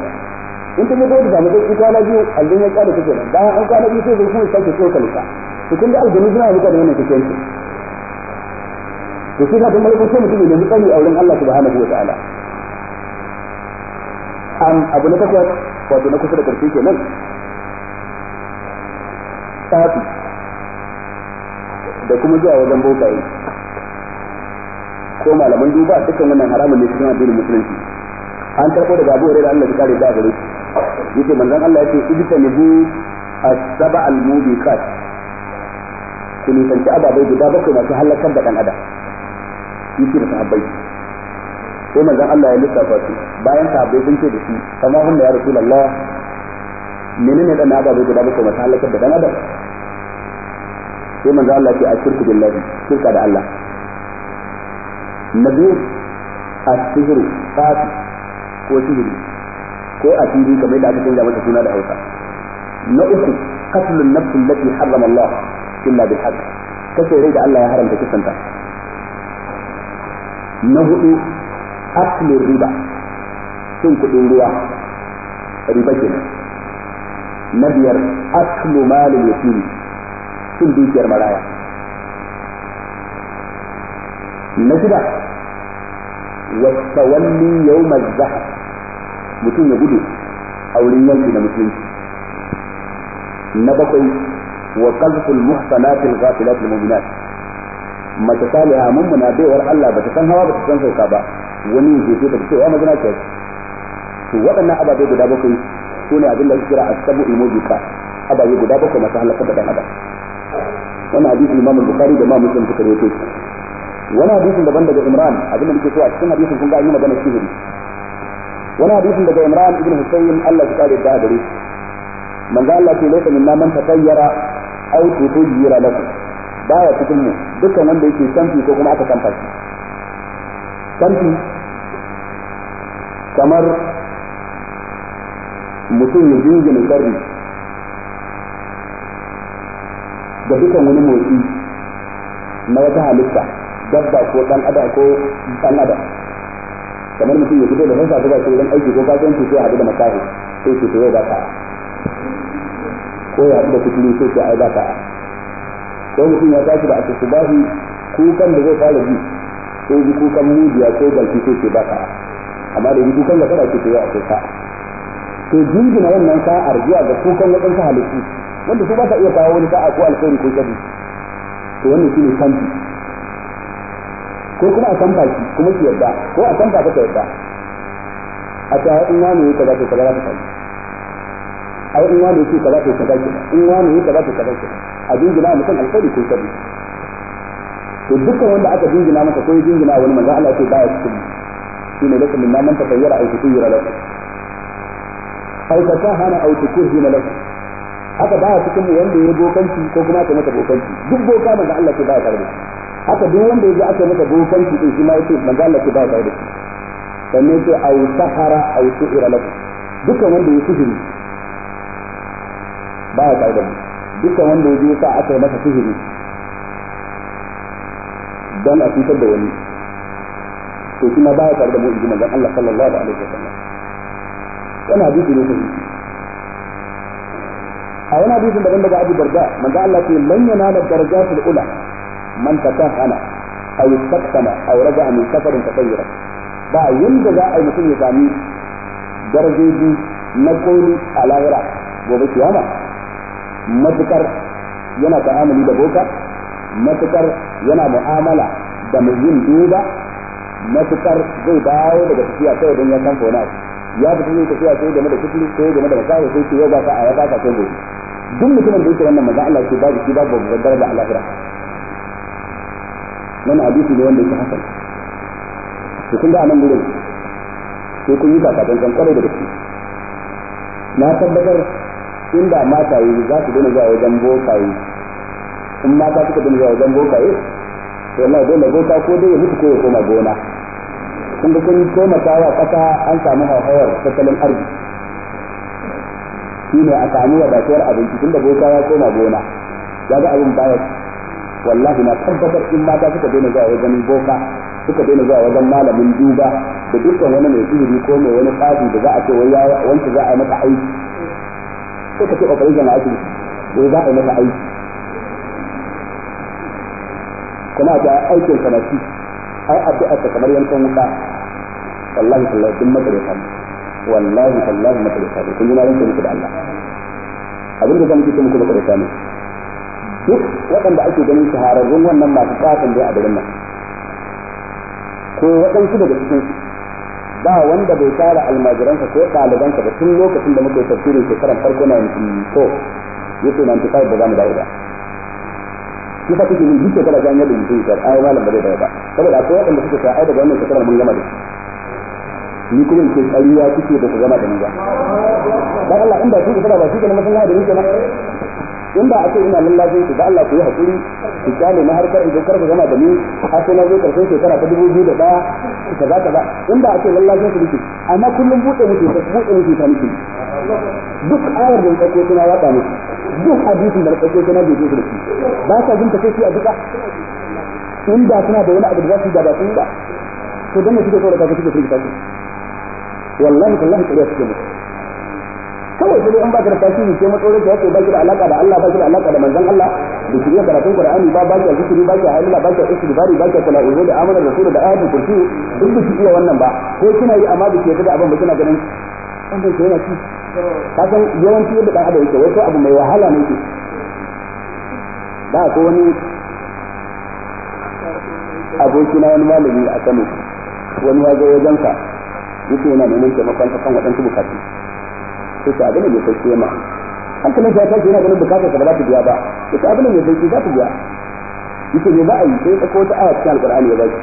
in ta zo da ta samu sauƙi kwana biyu aljan ya ƙara kake nan bayan an kwana biyu sai zai kuma sake ka lemu to kun da aljanu suna da wannan kake yanki to shi kafin farko sai mutum ne nemi tsari a wurin Allah subhanahu wa ta'ala an abu na takwas wato na kusa da karfi kenan tafi da kuma zuwa wajen bokaye ko malaman duba dukkan wannan haramun ne cikin addinin musulunci an tarko daga abu da Allah ya kare da gare shi yake manzon Allah yace ibta nibu as asaba al-mubiqat kun san ababai guda bakwai masu halakar da dan adam shi da sahabbai sai manzon Allah ya lissafa su bayan sahabbai sun ce da shi kama da ya rasulullah menene dan adam bai guda bakwai mata halakar da dan adam sai manzon Allah ya ashirku billahi shirka da Allah nabi asihiru fati ko sihiri ko a asiri kamar da aka canza mata suna da Hausa na uku qatlun nafsin lati harrama Allah illa bil haqq kace rai da Allah ya haramta kisanta na hudu aklin riba cin kudin ruwa riba ke na biyar aklu malin yatimi cin dukiyar maraya na shida wasawalli yau mazzaha mutum ya gudu a wurin yanki na musulunci na bakwai wa qazful muhsanatil ghafilatil mu'minat mace saliha mummuna baiwar Allah bata san hawa bata san sauka ba wani zai ce ta cewa magana ce to waɗannan ababe guda bakwai su ne abin da ake kira asabu imujika ababe guda bakwai masu halakar da dan adam wannan hadisi Imam Bukhari da Imam Muslim suka rawaito wani hadisin daban daga Imran abin da nake so a cikin hadisin kun ga an yi magana sihiri wani hadisin daga Imran ibn Husayn Allah ya kare da gare manzo Allah ce laysa minna man tatayyara aw tudayyira lakum baya cikin mu dukkan wanda yake canfi ko kuma aka canfa shi canfi kamar mutum ya jingina sarri da dukkan wani motsi na wata halitta dabba ko dan adam ko dan adam kamar mutum ya fito da kansa zuwa don aiki ko kasuwanci sai ya haɗu da makahi sai ce ba ko ya haɗu da kuturu sai ce ai ba ka ko mutum ya tashi da ake subahi kukan da zai fara ji ko ji kukan mujiya ko galki ko ce ba amma da yi kukan da kada ce a kai ka. to jingina wannan sa'ar zuwa ga kukan waɗansu halittu wanda su ba ta iya kawo wani sa'a ko alkhairi ko shari to wannan shi ne kanti ko kuma a kanta shi kuma ki yadda ko a kanta ka yadda a ta in wani ya kaza ta kaza ta faru ai in wani ne ce kaza to kaza ki in ne ya kaza to kaza ki a jingina mutum alkhairi ko sharri to dukkan wanda aka jingina masa ko ya jingina wani manzo Allah ce baya cikin shine lakum min man tafayyara aw tukhira lakum aw tasahana aw tukhira lakum haka baya cikin mu wanda ya bokanci ko kuma aka masa bokanci duk boka manzo Allah ce baya tare da haka duk wanda ya ji aka masa bokanci din shi ma yace manzo Allah ce baya tare da sannan ce aw sahara aw tukhira lakum dukkan wanda ya sihiri baya tare da dukkan wanda ya je sa aka yi masa sihiri don a cutar da wani to shi ma baya tare da mu in ji Allah sallallahu alaihi wasallam yana hadisi ne sahihi a wani hadisin daban daga Abu Darda manzo Allah ce lan yanala darajatul ula man tatahana aw istaktama aw raja'a min safarin tafayyura ba yanda za a yi mutum ya sami darajoji na koli a lahira gobe kiyama matukar yana ta'amali da boka matukar yana mu'amala da mujin duba matukar zai dawo daga tafiya sai don ya san na ya fita zai tafiya sai game da kifli sai game da kawo sai ce ba ka a ya ba ka sai gobe duk mutumin da yake wannan maza Allah ke babu shi babu babbar da a lahira wannan hadisi ne wanda yake hasan to kun ga anan gurin sai kun yi kan kwarai da gaske na tabbatar inda mata yi za su dina zuwa wajen bokaye in mata suka dina zuwa wajen bokaye to na dole boka ko dai ya mutu ko ya koma gona kun ga kun taimaka tawa kasa an samu hauhawar tattalin arziki shine a samu wadatuwar abinci tunda boka ya koma gona ya ga abin baya wallahi na tabbatar in mata suka dina zuwa wajen boka suka dina zuwa wajen malamin duba da dukkan wani mai tsiri ko mai wani tsafi da za a ce wai za a mata aiki sai ka ce kokarin jama'a ce za a yi masa aiki kuma da aikin sa na ci ai addu'a ta kamar yankan wuka wallahi tallahi din makareta wallahi tallahi makareta ne kun yi na yanke muku da Allah abin da zan ce muku ne duk waɗanda ake ganin shahararrun wannan masu katon da a garin nan ko waɗansu daga cikin ba wanda bai tara almajiransa ko ɗalibansa ba tun lokacin da muke tafsirin shekarar farko na to yake nan tikar da zamu dawo da shi fa kike yin duk kada ga yadda mutum ya ai malam ba zai dawo ba saboda akwai wanda suke ta ai daga wannan shekarar mun gama da ni kuma ke ƙarya kike da ku gama da ni ba dan Allah inda kun kada ba shi kenan mun gama da ni na. in ba a ce ina lallafin ku da Allah ku yi hakuri ku kyale na harkar idan karba zama da ni har sai na zo karshen shekara ta dubu biyu da ɗaya kaza kaza in ba a ce lallafin ku nake amma kullum buɗe muke ta buɗe muke ta nake duk ayar da kake kuna yaɗa ne duk hadisin da kake suna bai da shi ba sa jin shi a duka ba suna da wani abu da za su da ba sun ba to dan ne suke so da kake suke firgita su wallahi kallahi kariya suke muku kawai sai an baka da tasiri sai matsoro ya ce baki da alaka da Allah baki da alaka da manzon Allah da shi iya karatun Qur'ani ba baki da zikiri baki da halila baki da istighfari baki da kulaizu da amana rasul da ayatul kursi duk da shi iya wannan ba ko kina yi amma biki da abin ba kina ganin an ko yana ci ka san yawanci yadda dan adam yake wai ko abu mai wahala ne ke da ko wani abokina wani malami a Kano wani ya ga wajensa yake yana neman taimakon ta kan waɗansu bukatu sai ta abin da ya sauke ma hankalin ya tashi yana ganin bukatar ka ba za ta biya ba ya ta abin da ya sauke za ta biya yake ne ba a yi sai tsako ta aya cikin alkur'ani ya baki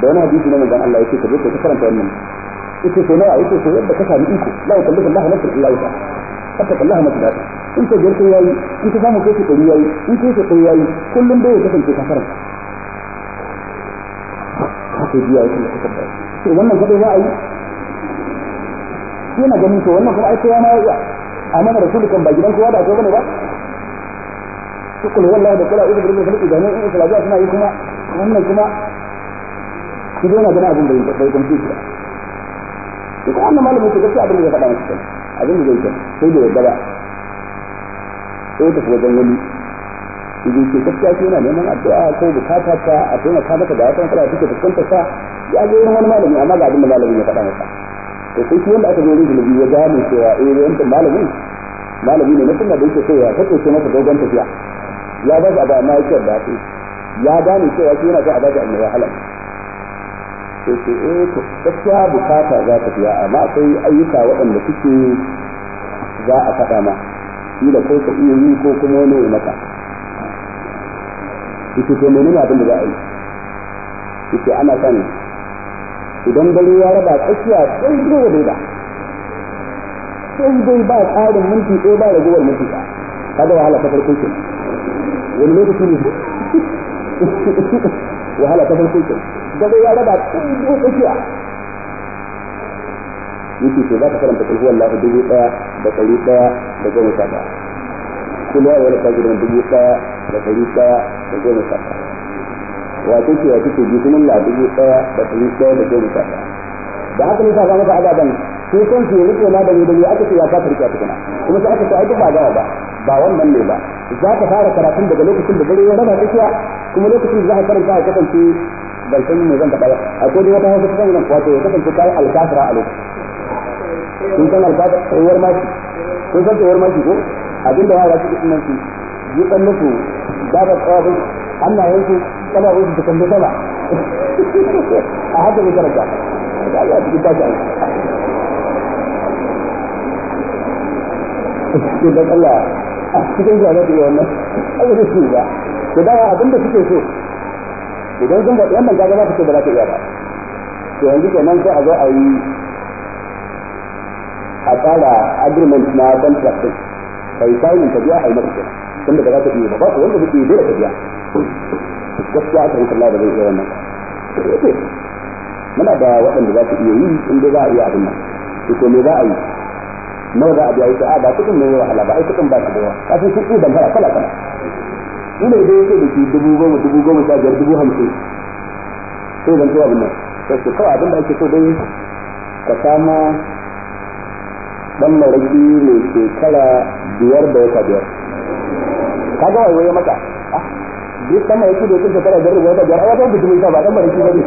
da wani hadisi na manzon Allah yake ka zo ka karanta wannan yake sai nawa yake sai yadda ka sami iko la yukallifu Allahu nafsan illa ta hatta kallaha mata dadi in ka jirka yayi in ka samu kai ka yayi in kai ka yayi kullum dai ya kasance ka karanta haka biya yake ka karanta sai wannan kadai za a yi sai na gani to wannan kuma ai kowa ma ya amma da rasulu kan ba gidan kowa da akwai bane ba kul wallahi da kula idan billahi da idan in islaja suna yi kuma wannan kuma shi dai na gani abin da yake bai gamsu ba to kuma wannan malamin ku kace abin da ya faɗa masa abin da yake sai da yadda ba sai ta wajen wani idan ke gaskiya shi yana neman addu'a ko bukata ta a taimaka maka da wata matsala da take fuskantar sa ya ga wani malami amma ga abin da malamin ya faɗa masa to sai shi wanda aka zo rijin biyu ya gane cewa eh wannan ta malami malami ne mutum da yake cewa ta kace masa dogon tafiya ya ba shi abana yake da shi ya gane cewa shi yana so a ba shi annabi halal sai ce eh to gaskiya bukata za ta biya amma akwai ayyuka waɗanda suke za a faɗa ma shi da ko ka iya yi ko kuma wani ya maka ita to menene abin da za a yi ita ana sani idan dare ya raba tsakiya daidai da daida daidai ba tsarin minti ɗaya ba ragowar minti ɗaya kaga wahala ta farko ke wani lokaci ne wahala ta farko ke dare ya raba daidai tsakiya yake ce za ka karanta kulhu wallahu dubu ɗaya da ɗari ɗaya da goma sha ɗaya kuma wani kajiran dubu ɗaya da ɗari ɗaya da goma sha ɗaya wato ce wato ce jikunan la dubu daya da ɗari daya da goma sha da haka ne saka masa ababen sai kan su rike ma da da aka ce ya ka tarka tukuna kuma sai aka ce ai ba gawa ba ba wannan ne ba za ka fara karatun daga lokacin da dare ya raba tsakiya kuma lokacin da za ka karanta ka kasance ban san me zan faɗa ba akwai dai wata hausa ta nan wato ya kasance kai alkafira a lokacin kun san alkafira tsayuwar maki kun san tsayuwar maki ko abinda yara suke sunan su yi ɗan musu ba da tsawon ya su kada wasu su kando sama a haka ne karanta da ya cikin tashi aiki ke da Allah a cikin jami'a da wannan Allah ne su ba da dama abinda suke so idan sun faɗi wannan kaga za su ce ba su ta iya ba to yanzu kenan sai a zo a yi a tsara agreement na contract kai sai ka biya a yi maka kenan tunda ba za ka iya ba ba wanda yi dole ka biya gaskiya aka yanka Allah da zai iya wannan muna da waɗanda za su iya yi in dai za a iya abin nan to me za a yi nawa za a biya yake a ba kuɗin mai wahala ba ai kuɗin ba su da yawa kafin sun ɗin dangara kala kala ina idan yake da shi dubu goma dubu goma sha biyar dubu hamsin sai zan tuwa abin nan sai su kawai abin da ake so dai ka sama dan maraki mai shekara biyar da wata biyar Ka ga kaga waiwaye maka duk sama yake da kun shekara biyar da wata biyar a wata bijimin ta ba dan baraki bane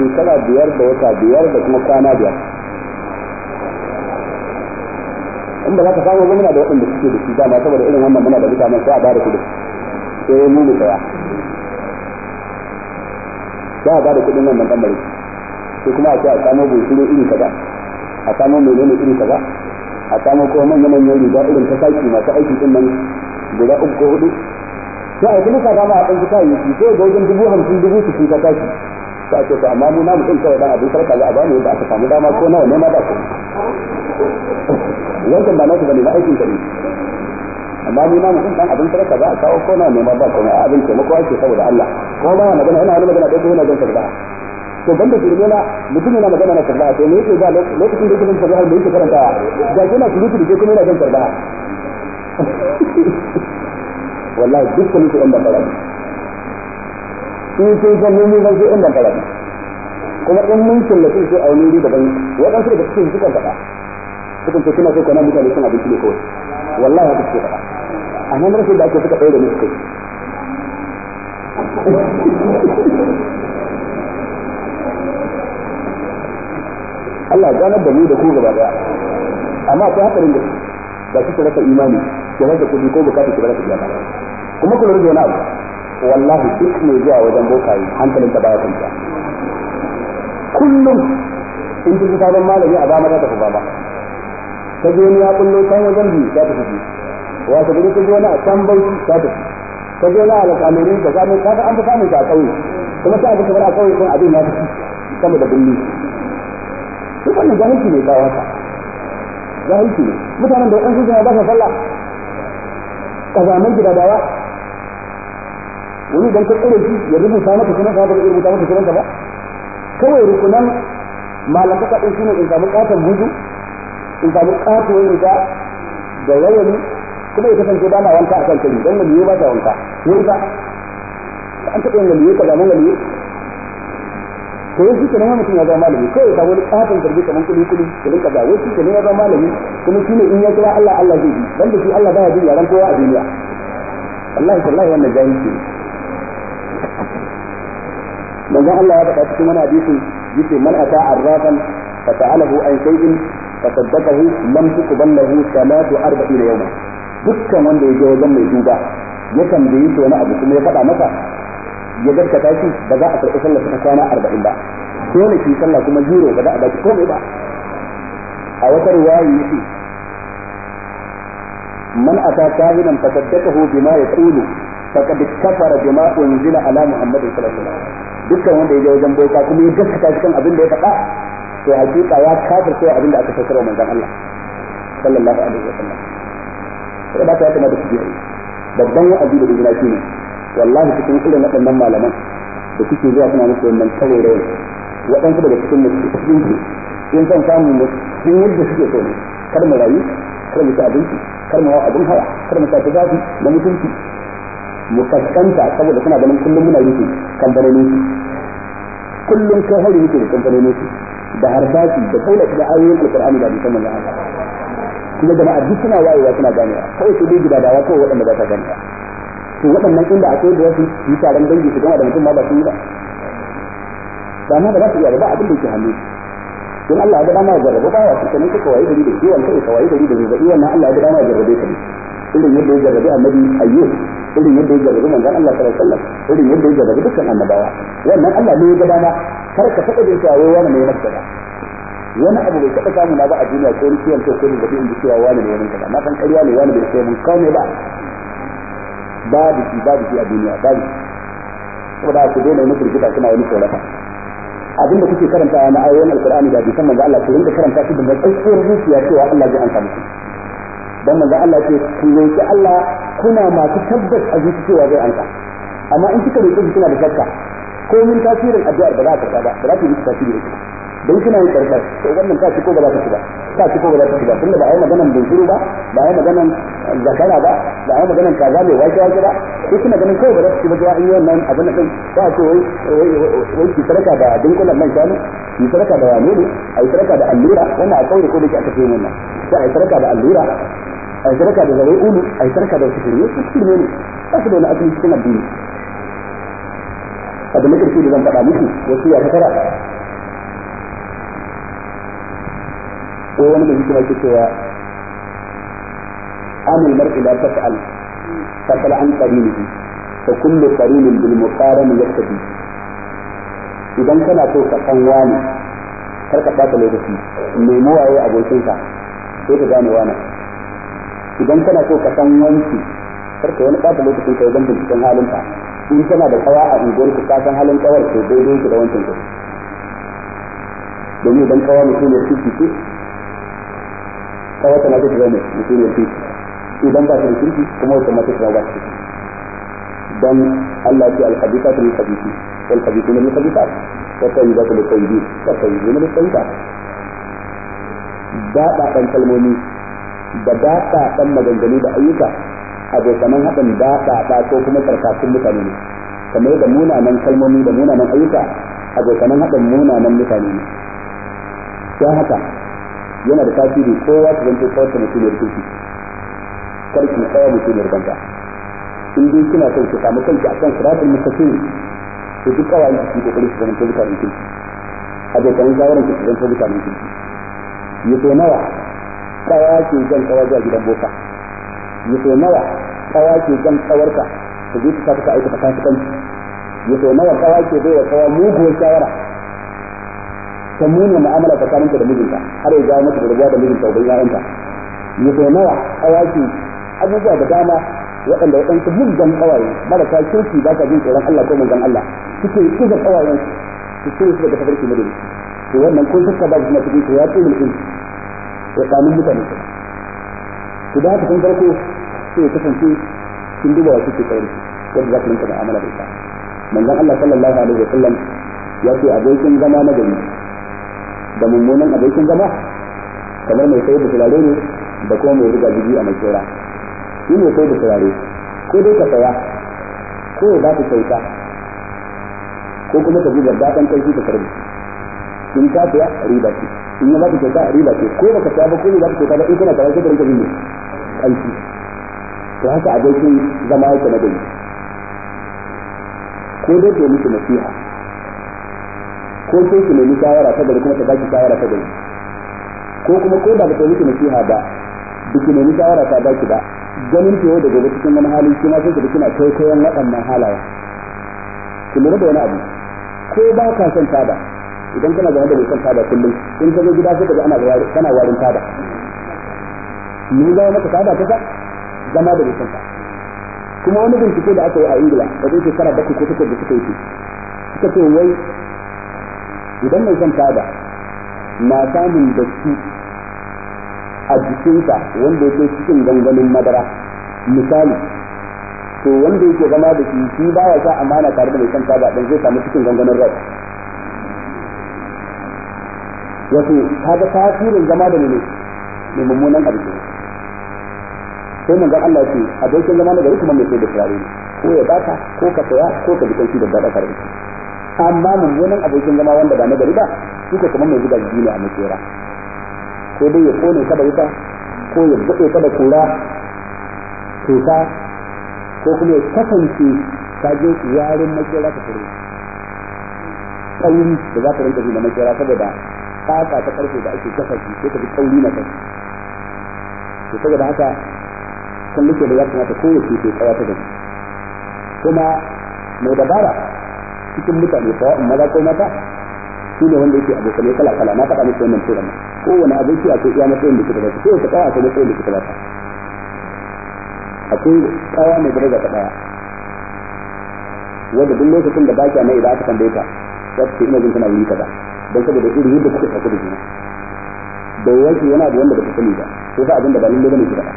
shekara biyar da wata biyar da kuma kwana biyar in ba za ka samu muna da waɗanda suke da shi dama saboda irin wannan muna da mutanen sai a bada kuɗi sai mu mu tsaya za a bada kuɗin wannan ɗan baraki sai kuma a ce a samo bunsuru iri kaza a samo menene iri kaza a samo kuma manya-manyan riga irin ta saki masu aiki din nan guda uku ko hudu sai a yi duka dama a ɗan fita yi shi sai wajen dubu hamsin dubu su sun tashi ta ce to amma mu namu ɗin kawai dan abin sarka za a bani yadda aka samu dama ko nawa ne ma da ku wancan ba nasu bane na aikin kare amma mu na mutum dan abin sarka za a kawo ko nawa ne ma ba ku a abin taimako ake saboda Allah ko ba ya magana yana wani magana ɗaya yana jan sarda to banda shirme na mutum yana magana na sarda to me yake ba lokacin da yake jan sarda da yake karantawa ga kina surutu da ke kuma yana jan sarda wallahi duk su in sun san mun su mun su a daban cikin faɗa ce so kana mutane kawai wallahi faɗa a nan rashin da ake suka da mu suka Allah ya da mu da ku gaba daya amma sai hatsarin da ba su rasa imani ke rasa kudi ko bukatar su rasa biya kuma ku rubuta na wani abu wallahi duk mai zuwa wajen bokaye hankalin ta baya ta. kullum in ji sabon malami a bana za ta fuba ba ta je wani ya kullo kan wajen biyu za ta fubi wata gari ta je wani a can bauchi za ta fubi ta je wani a alƙalori da gano ka ga an fi samun ta a ƙauye kuma sai abin kamar a ƙauye kun abin ya tafi sama da birni duk wannan jahilci ne kawo haka jahilci ne mutanen da waɗansu suna ba sa sallah ƙazamar gidadawa wani idan ka tsare shi ya rubuta maka sunan ka ba zai rubuta maka sunan ka ba kawai rukunan malantaka din ne in samu katon hudu in samu katuwar riga da yawani kuma ya kasance ba na wanka a kan kari don waliyu ba ta wanka ne ba an taɓa yin waliyu ka zama waliyu to yanzu kenan wani mutum ya zama malami kawai ya wani katon karbi kamar kuli kuli da rinka ga wasu kenan ya zama malami kuma shi ne in ya kira Allah Allah zai bi banda shi Allah ba ya jin yaran kowa a duniya wallahi wallahi wannan jahilci ne manzon Allah ya faɗa cikin wani hadisin yace man ata arrafan fata'alahu an shay'in fasaddaqahu lam tuqballahu salatu arba'ina yawma dukkan wanda ya je wajen mai duba yakan tambayi shi wani abu kuma ya faɗa masa ya gaskata shi ba za a karɓi sallah, ta kwana arba'in ba dole ki sallah kuma zero ba za a baki komai ba a wata riwaya yace man ata kahinan fasaddaqahu bima yaqulu faqad kafara bima unzila ala muhammadin sallallahu alaihi wasallam dukkan wanda ya je wajen boka kuma ya gaskata cikin abin da ya faɗa to hakika ya kafir cewa abin da aka fassara wa manzon Allah sallallahu alaihi wa sallam sai da ta kamata ku biya babban wa'azi da gina ne wallahi cikin irin waɗannan malaman da kuke zuwa kuna musu wannan kawai rai waɗansu daga cikin musulunci in son samu musulun yadda suke so ne kar mu rayu kar mu ci abinci kar mu hawa abin hawa kar mu sa tufafi da mutunci mu kaskanta saboda suna ganin kullum muna rufe kamfanonin su kullum kai hari yake da kamfanonin su da harbaci da kaula da ayoyin alqur'ani da hadisan manzon Allah kuma jama'a duk suna wayewa suna ganewa kawai sai dai gidadawa kawai waɗanda ba ka ganewa to waɗannan inda akwai da wasu yi taron dangi su gama da mutum ma ba su yi ba da ma ba za su iya ba abin da yake hannu don Allah ya ga dama ya jarrabe ba wa su kanin suka wayi gari da ciwon kai ka wayi gari da zazzabi wannan Allah ya ga dama ya jarrabe ka ne irin yadda ya jarrabe annabi ayyub irin yadda ya gargaɗi manzon Allah sallallahu alaihi wasallam irin yadda ya gargaɗi dukkan annabawa wannan Allah ne ya ga dama kar ka taɓa jin cewa wani ne maka kaza wani abu bai taɓa samu na ba a duniya ko ciwon ko da in ji cewa wani ne maka kaza na san ƙarya ne wani bai sai mun kawai ba babu shi babu shi a duniya babu saboda ku daina wani firgita kuna wani tsorata abinda kuke karantawa na ayoyin alkur'ani da bisan manzo Allah ku rinka karanta su da tsakkiyar zuciya cewa Allah zai an samu dan manzo Allah ce ku roki Allah kuna masu tabbas a zuci cewa zai anka amma in kika roki kina da shakka ko min tasirin addu'ar ba za ta ba ba za ta yi tasiri dan kina yin karkar to wannan ta ci ko ba za ta ci ba ta ci ko ba za ta ci ba tunda ba ai maganan bunsuru ba ba ai maganan zakara ba ba ai maganan kaza mai wake wake ba ko kina ganin ko ba za ci ba yi wannan abin da ba ko wai wai ki da dinkulan shanu ki da ne ai da allura wannan a ko da aka wannan sai ai da allura a sadaka da zare ulu a yi sadaka da sukuri wasu su ne ne, ba su da wani asali cikin addini abu na karshe da zan faɗa muku wasu ya tara ko wani mai hikima ke cewa amul mar'i la taf'al fasal an qarinihi fa kullu qarinin bil muqaran yaktabi idan kana so ka san wani kar ka ɓata lokaci nemi waye abokinka sai ka gane wani idan kana so ka san wanki karka wani ɓata lokacin ka wajen binciken halinta in kana da kawa a unguwar ka kasan halin kawar to daidai ka da wancan ka domin idan kawa mutum ya fifi ce kawa tana ta shiga ne mutum ya fifi idan ba ta da kirki kuma wata mata shiga ba dan Allah ya ce al-khabithatu lil-khabithi ta khabithuna lil za wa tayyibatu lil ta wa tayyibuna lil-tayyibat da ba kan kalmomi da daɗa ɗan maganganu da ayyuka a abokanan haɗin daɗa ɗa ko kuma karkatun mutane ne kamar da munanan kalmomi da munanan ayyuka a abokanan haɗin munanan mutane ne don haka yana da tasiri kowa ta zanto kawai mutumiyar kirki karki tsaya mutumiyar banza in dai kina son ki samu kanki kan siratul mustaqim to duk kawai ki kokari ki zanto mutanen kirki abokan shawaran ki zanto mutanen kirki yato nawa kawa ke jan kawa zuwa gidan boka yato nawa kawa ke jan kawarka ta je ta ta aikata fasikanci yato nawa kawa ke bai wa kawa muguwar shawara ta nuna mu'amala tsakaninta da mijinta har ya jawo mata da rabuwa da mijinta uban ya'yanta yato nawa kawa ke abubuwa da dama waɗanda waɗansu muggan kawaye marasa kirki ba sa jin tsoron Allah ko manzon Allah suke kiza kawayen su su ce su daga tafarki madani to wannan kun suka ba su na cikin ya ce mulkin tsakanin mutane kuma su da haka sun farko sai ya kasance sun duba wa ke kawai yadda za ku rinka mu'amala da ita manzan Allah sallallahu alaihi wasallam ya ce abokin zama na gari da mummunan abokin zama kamar mai sayar da turare ne da kuma mai riga jiji a mai tsora shi mai sayar da turare ko dai ka saya ko ya ba ka kyauta ko kuma ka ji da daɗin kai ka karbi in ka saya riba ce in ya baka kyauta a riba ce ko baka saya ba ko ne baka kyauta ba in kana karatu da rinka bin aiki to haka abokin zama yake na gari ko dai ke miki nasiha ko ke ki nemi shawara ta gari kuma ta baki shawara ta gari ko kuma ko da ka ta miki nasiha ba biki nemi shawara ta baki ba ganin ciwo da gobe cikin wani hali kina sai ki kina kai kayan waɗannan halaye ki lura da wani abu ko ba ka son taba idan kana zama da bai son taba kullum in ka zo gida sai ka ji ana kana warin tada ni zama ka tada kasa zama da bisan kuma wani bincike da aka yi a Ingila da zai shekara bakwai ko takwas da suka yi suka ce wai idan mai son tada na samun datti a jikinsa wanda yake cikin ganganin madara misali to wanda yake zama da shi shi baya sa amana tare da mai son tada dan zai samu cikin ganganin rau wato kaga tasirin zama da ne mai mummunan abu sai mun ga Allah ce abokin zama na gari kuma mai da turare ko ya baka ko ka saya ko ka bi da dada karbi amma mummunan abokin zama wanda ba na gari ba suka kuma mai zuba jini a makera ko dai ya kone ka da wuta ko ya bude ka da kura tuka ko kuma ya kasance ka je yarin makera ka fure kauri da za ka rinka ji da makera saboda fata ta karfe da ake gasa shi sai ka ji kauri na kai to saboda haka kan nake da ya kamata kowace ke tsaya ta gani kuma mai dabara cikin mutane sawa'un maza ko mata shi ne wanda yake abokanai kala kala na faɗa muku wannan turan kowane abinci akwai iya matsayin da kika ba shi kowace kaya akwai matsayin da kika ba akwai kaya mai daraja ta daya wanda duk lokacin da baki a nan idan aka tambaye ta za ta ce ina jin kana wuri kaza don saboda irin yadda suka tafi da juna da ya ce yana da wanda ba ta sani ba sai fa abin da ba lalle bane ki faɗa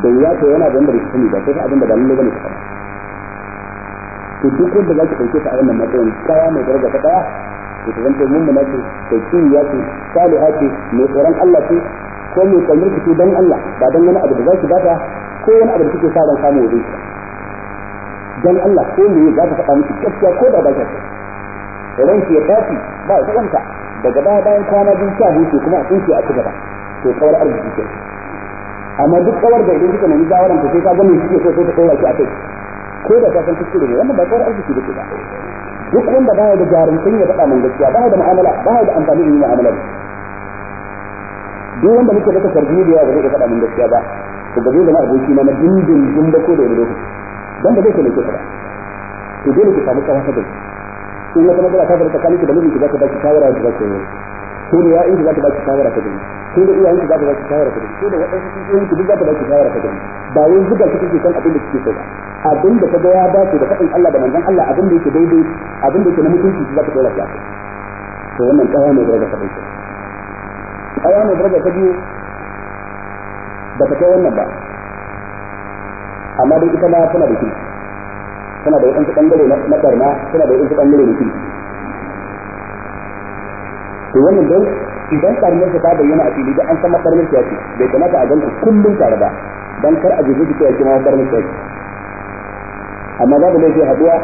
da ya ce yana da wanda ba ta sani ba sai fa abin da ba lalle bane ki faɗa to duk wanda za ki ɗauke ta a wannan matsayin kaya mai daraja ta ɗaya to ta zanto mummuna ce ta ya ce saliha ce mai tsoron Allah ce ko mai kaunar ki don Allah ba don wani abu da za ki bata ko wani abu da kike sa ran samu wajen don Allah ko me za ta faɗa miki gaskiya ko da ba ce ranki ya tafi ba ruwanta daga baya bayan kwana biyu sha hutu kuma a tsinke a ci gaba to kawar arziki ke amma duk kawar da idan kika nemi shawaran ta sai ka gani kike so sai ta kawar shi a kai ko da ka san kuskure ne wannan ba kawar arziki ba ke ba duk wanda baya da jarumtun ya faɗa min gaskiya baya da mu'amala baya da amfani da mu'amala duk wanda muke da karbi da yawa ba zai faɗa min gaskiya ba to ba zai zama aboki na na dindin dindin ko da wani lokaci dan ba zai kula ke ba to dole ka samu kawata da in wata matsala ta faru tsakanin ki da mijinki za ka baki shawara da za ka yi ko da ya'in ki za ka baki shawara ta gani ko da iyayen ki za ka baki shawara ta gani ko da waɗansu kishiyoyin ki duk za ka baki shawara ta gani ba wai zuga ki kike san abin da kike so ba abin da ka ga ya dace da faɗin Allah da manzon Allah abin da yake daidai abin da yake na mutunci za ka dora shi a kai to wannan tsaya ne daga faɗin ki tsaya ne daga ta biyu ba ta kai wannan ba amma dai ita ma tana da kirki suna da wadansu bangare na barna suna da wadansu bangare na kirki to wannan dan idan barnar ta bayyana a fili da an san mabarnar ta ce bai kamata a ganta kullum tare ba dan kar a jiji ta ce ma barnar ta ce amma babu laifi haduwa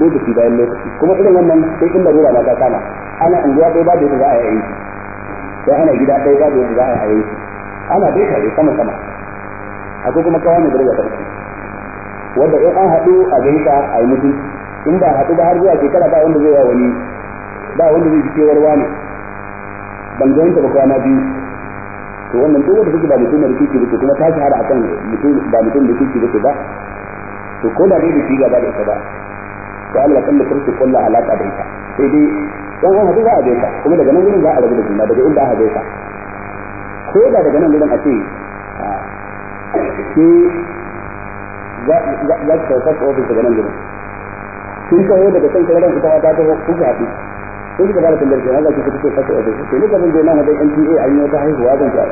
lokaci bayan lokaci kuma irin wannan sai in larura ma ta kama ana unguwa ɗaya babu yadda za a yi aiki sai ana gida ɗaya babu yadda za a yi aiki ana dai tare sama sama akwai kuma kawai mai da ta wanda in an haɗu a gaisa a yi mutum in ba haɗu ba har zuwa shekara ba wanda zai wa wani ba wanda zai ji kewar wani ban ga yanka ba kwana biyu to wannan duk wanda kake ba mutum da kike bace kuma ta shahara akan mutum ba mutum da kike bace ba to ko da dai biki gaba da ita ba to Allah kan da kurku kullu alaka da ita sai dai dan an haɗu ba a gaisa kuma daga nan gurin za a rabu da juna daga inda aka gaisa ko da daga nan gurin a ce ke za su sauka su ofis daga nan gaba kin kawo daga kan kwararren ita ta ta kuka haɗu Sun kika fara tambayar kenan za ki fito fasa ofis sai ni gaban je na hadai NTA a yi wata haihuwa zan ta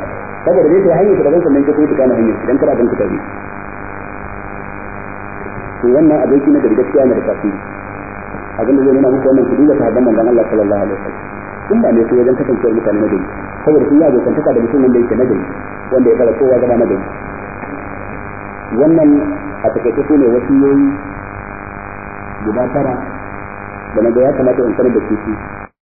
saboda dai sai hanyar ta gaban sannan ki kuma ki kana hanyar idan kana ban ku tabi to wannan aboki na da gaskiya na da tasiri abin da zai nuna muku wannan ku duba sahabban manzon Allah sallallahu alaihi wa kun ba ne su wajen kasancewar mutane na gari saboda sun yi abokantaka da mutum wanda yake na gari wanda ya fara kowa zama na gari wannan a takaice su ne wasiyoyi guda tara da na ga ya kamata in sanar da su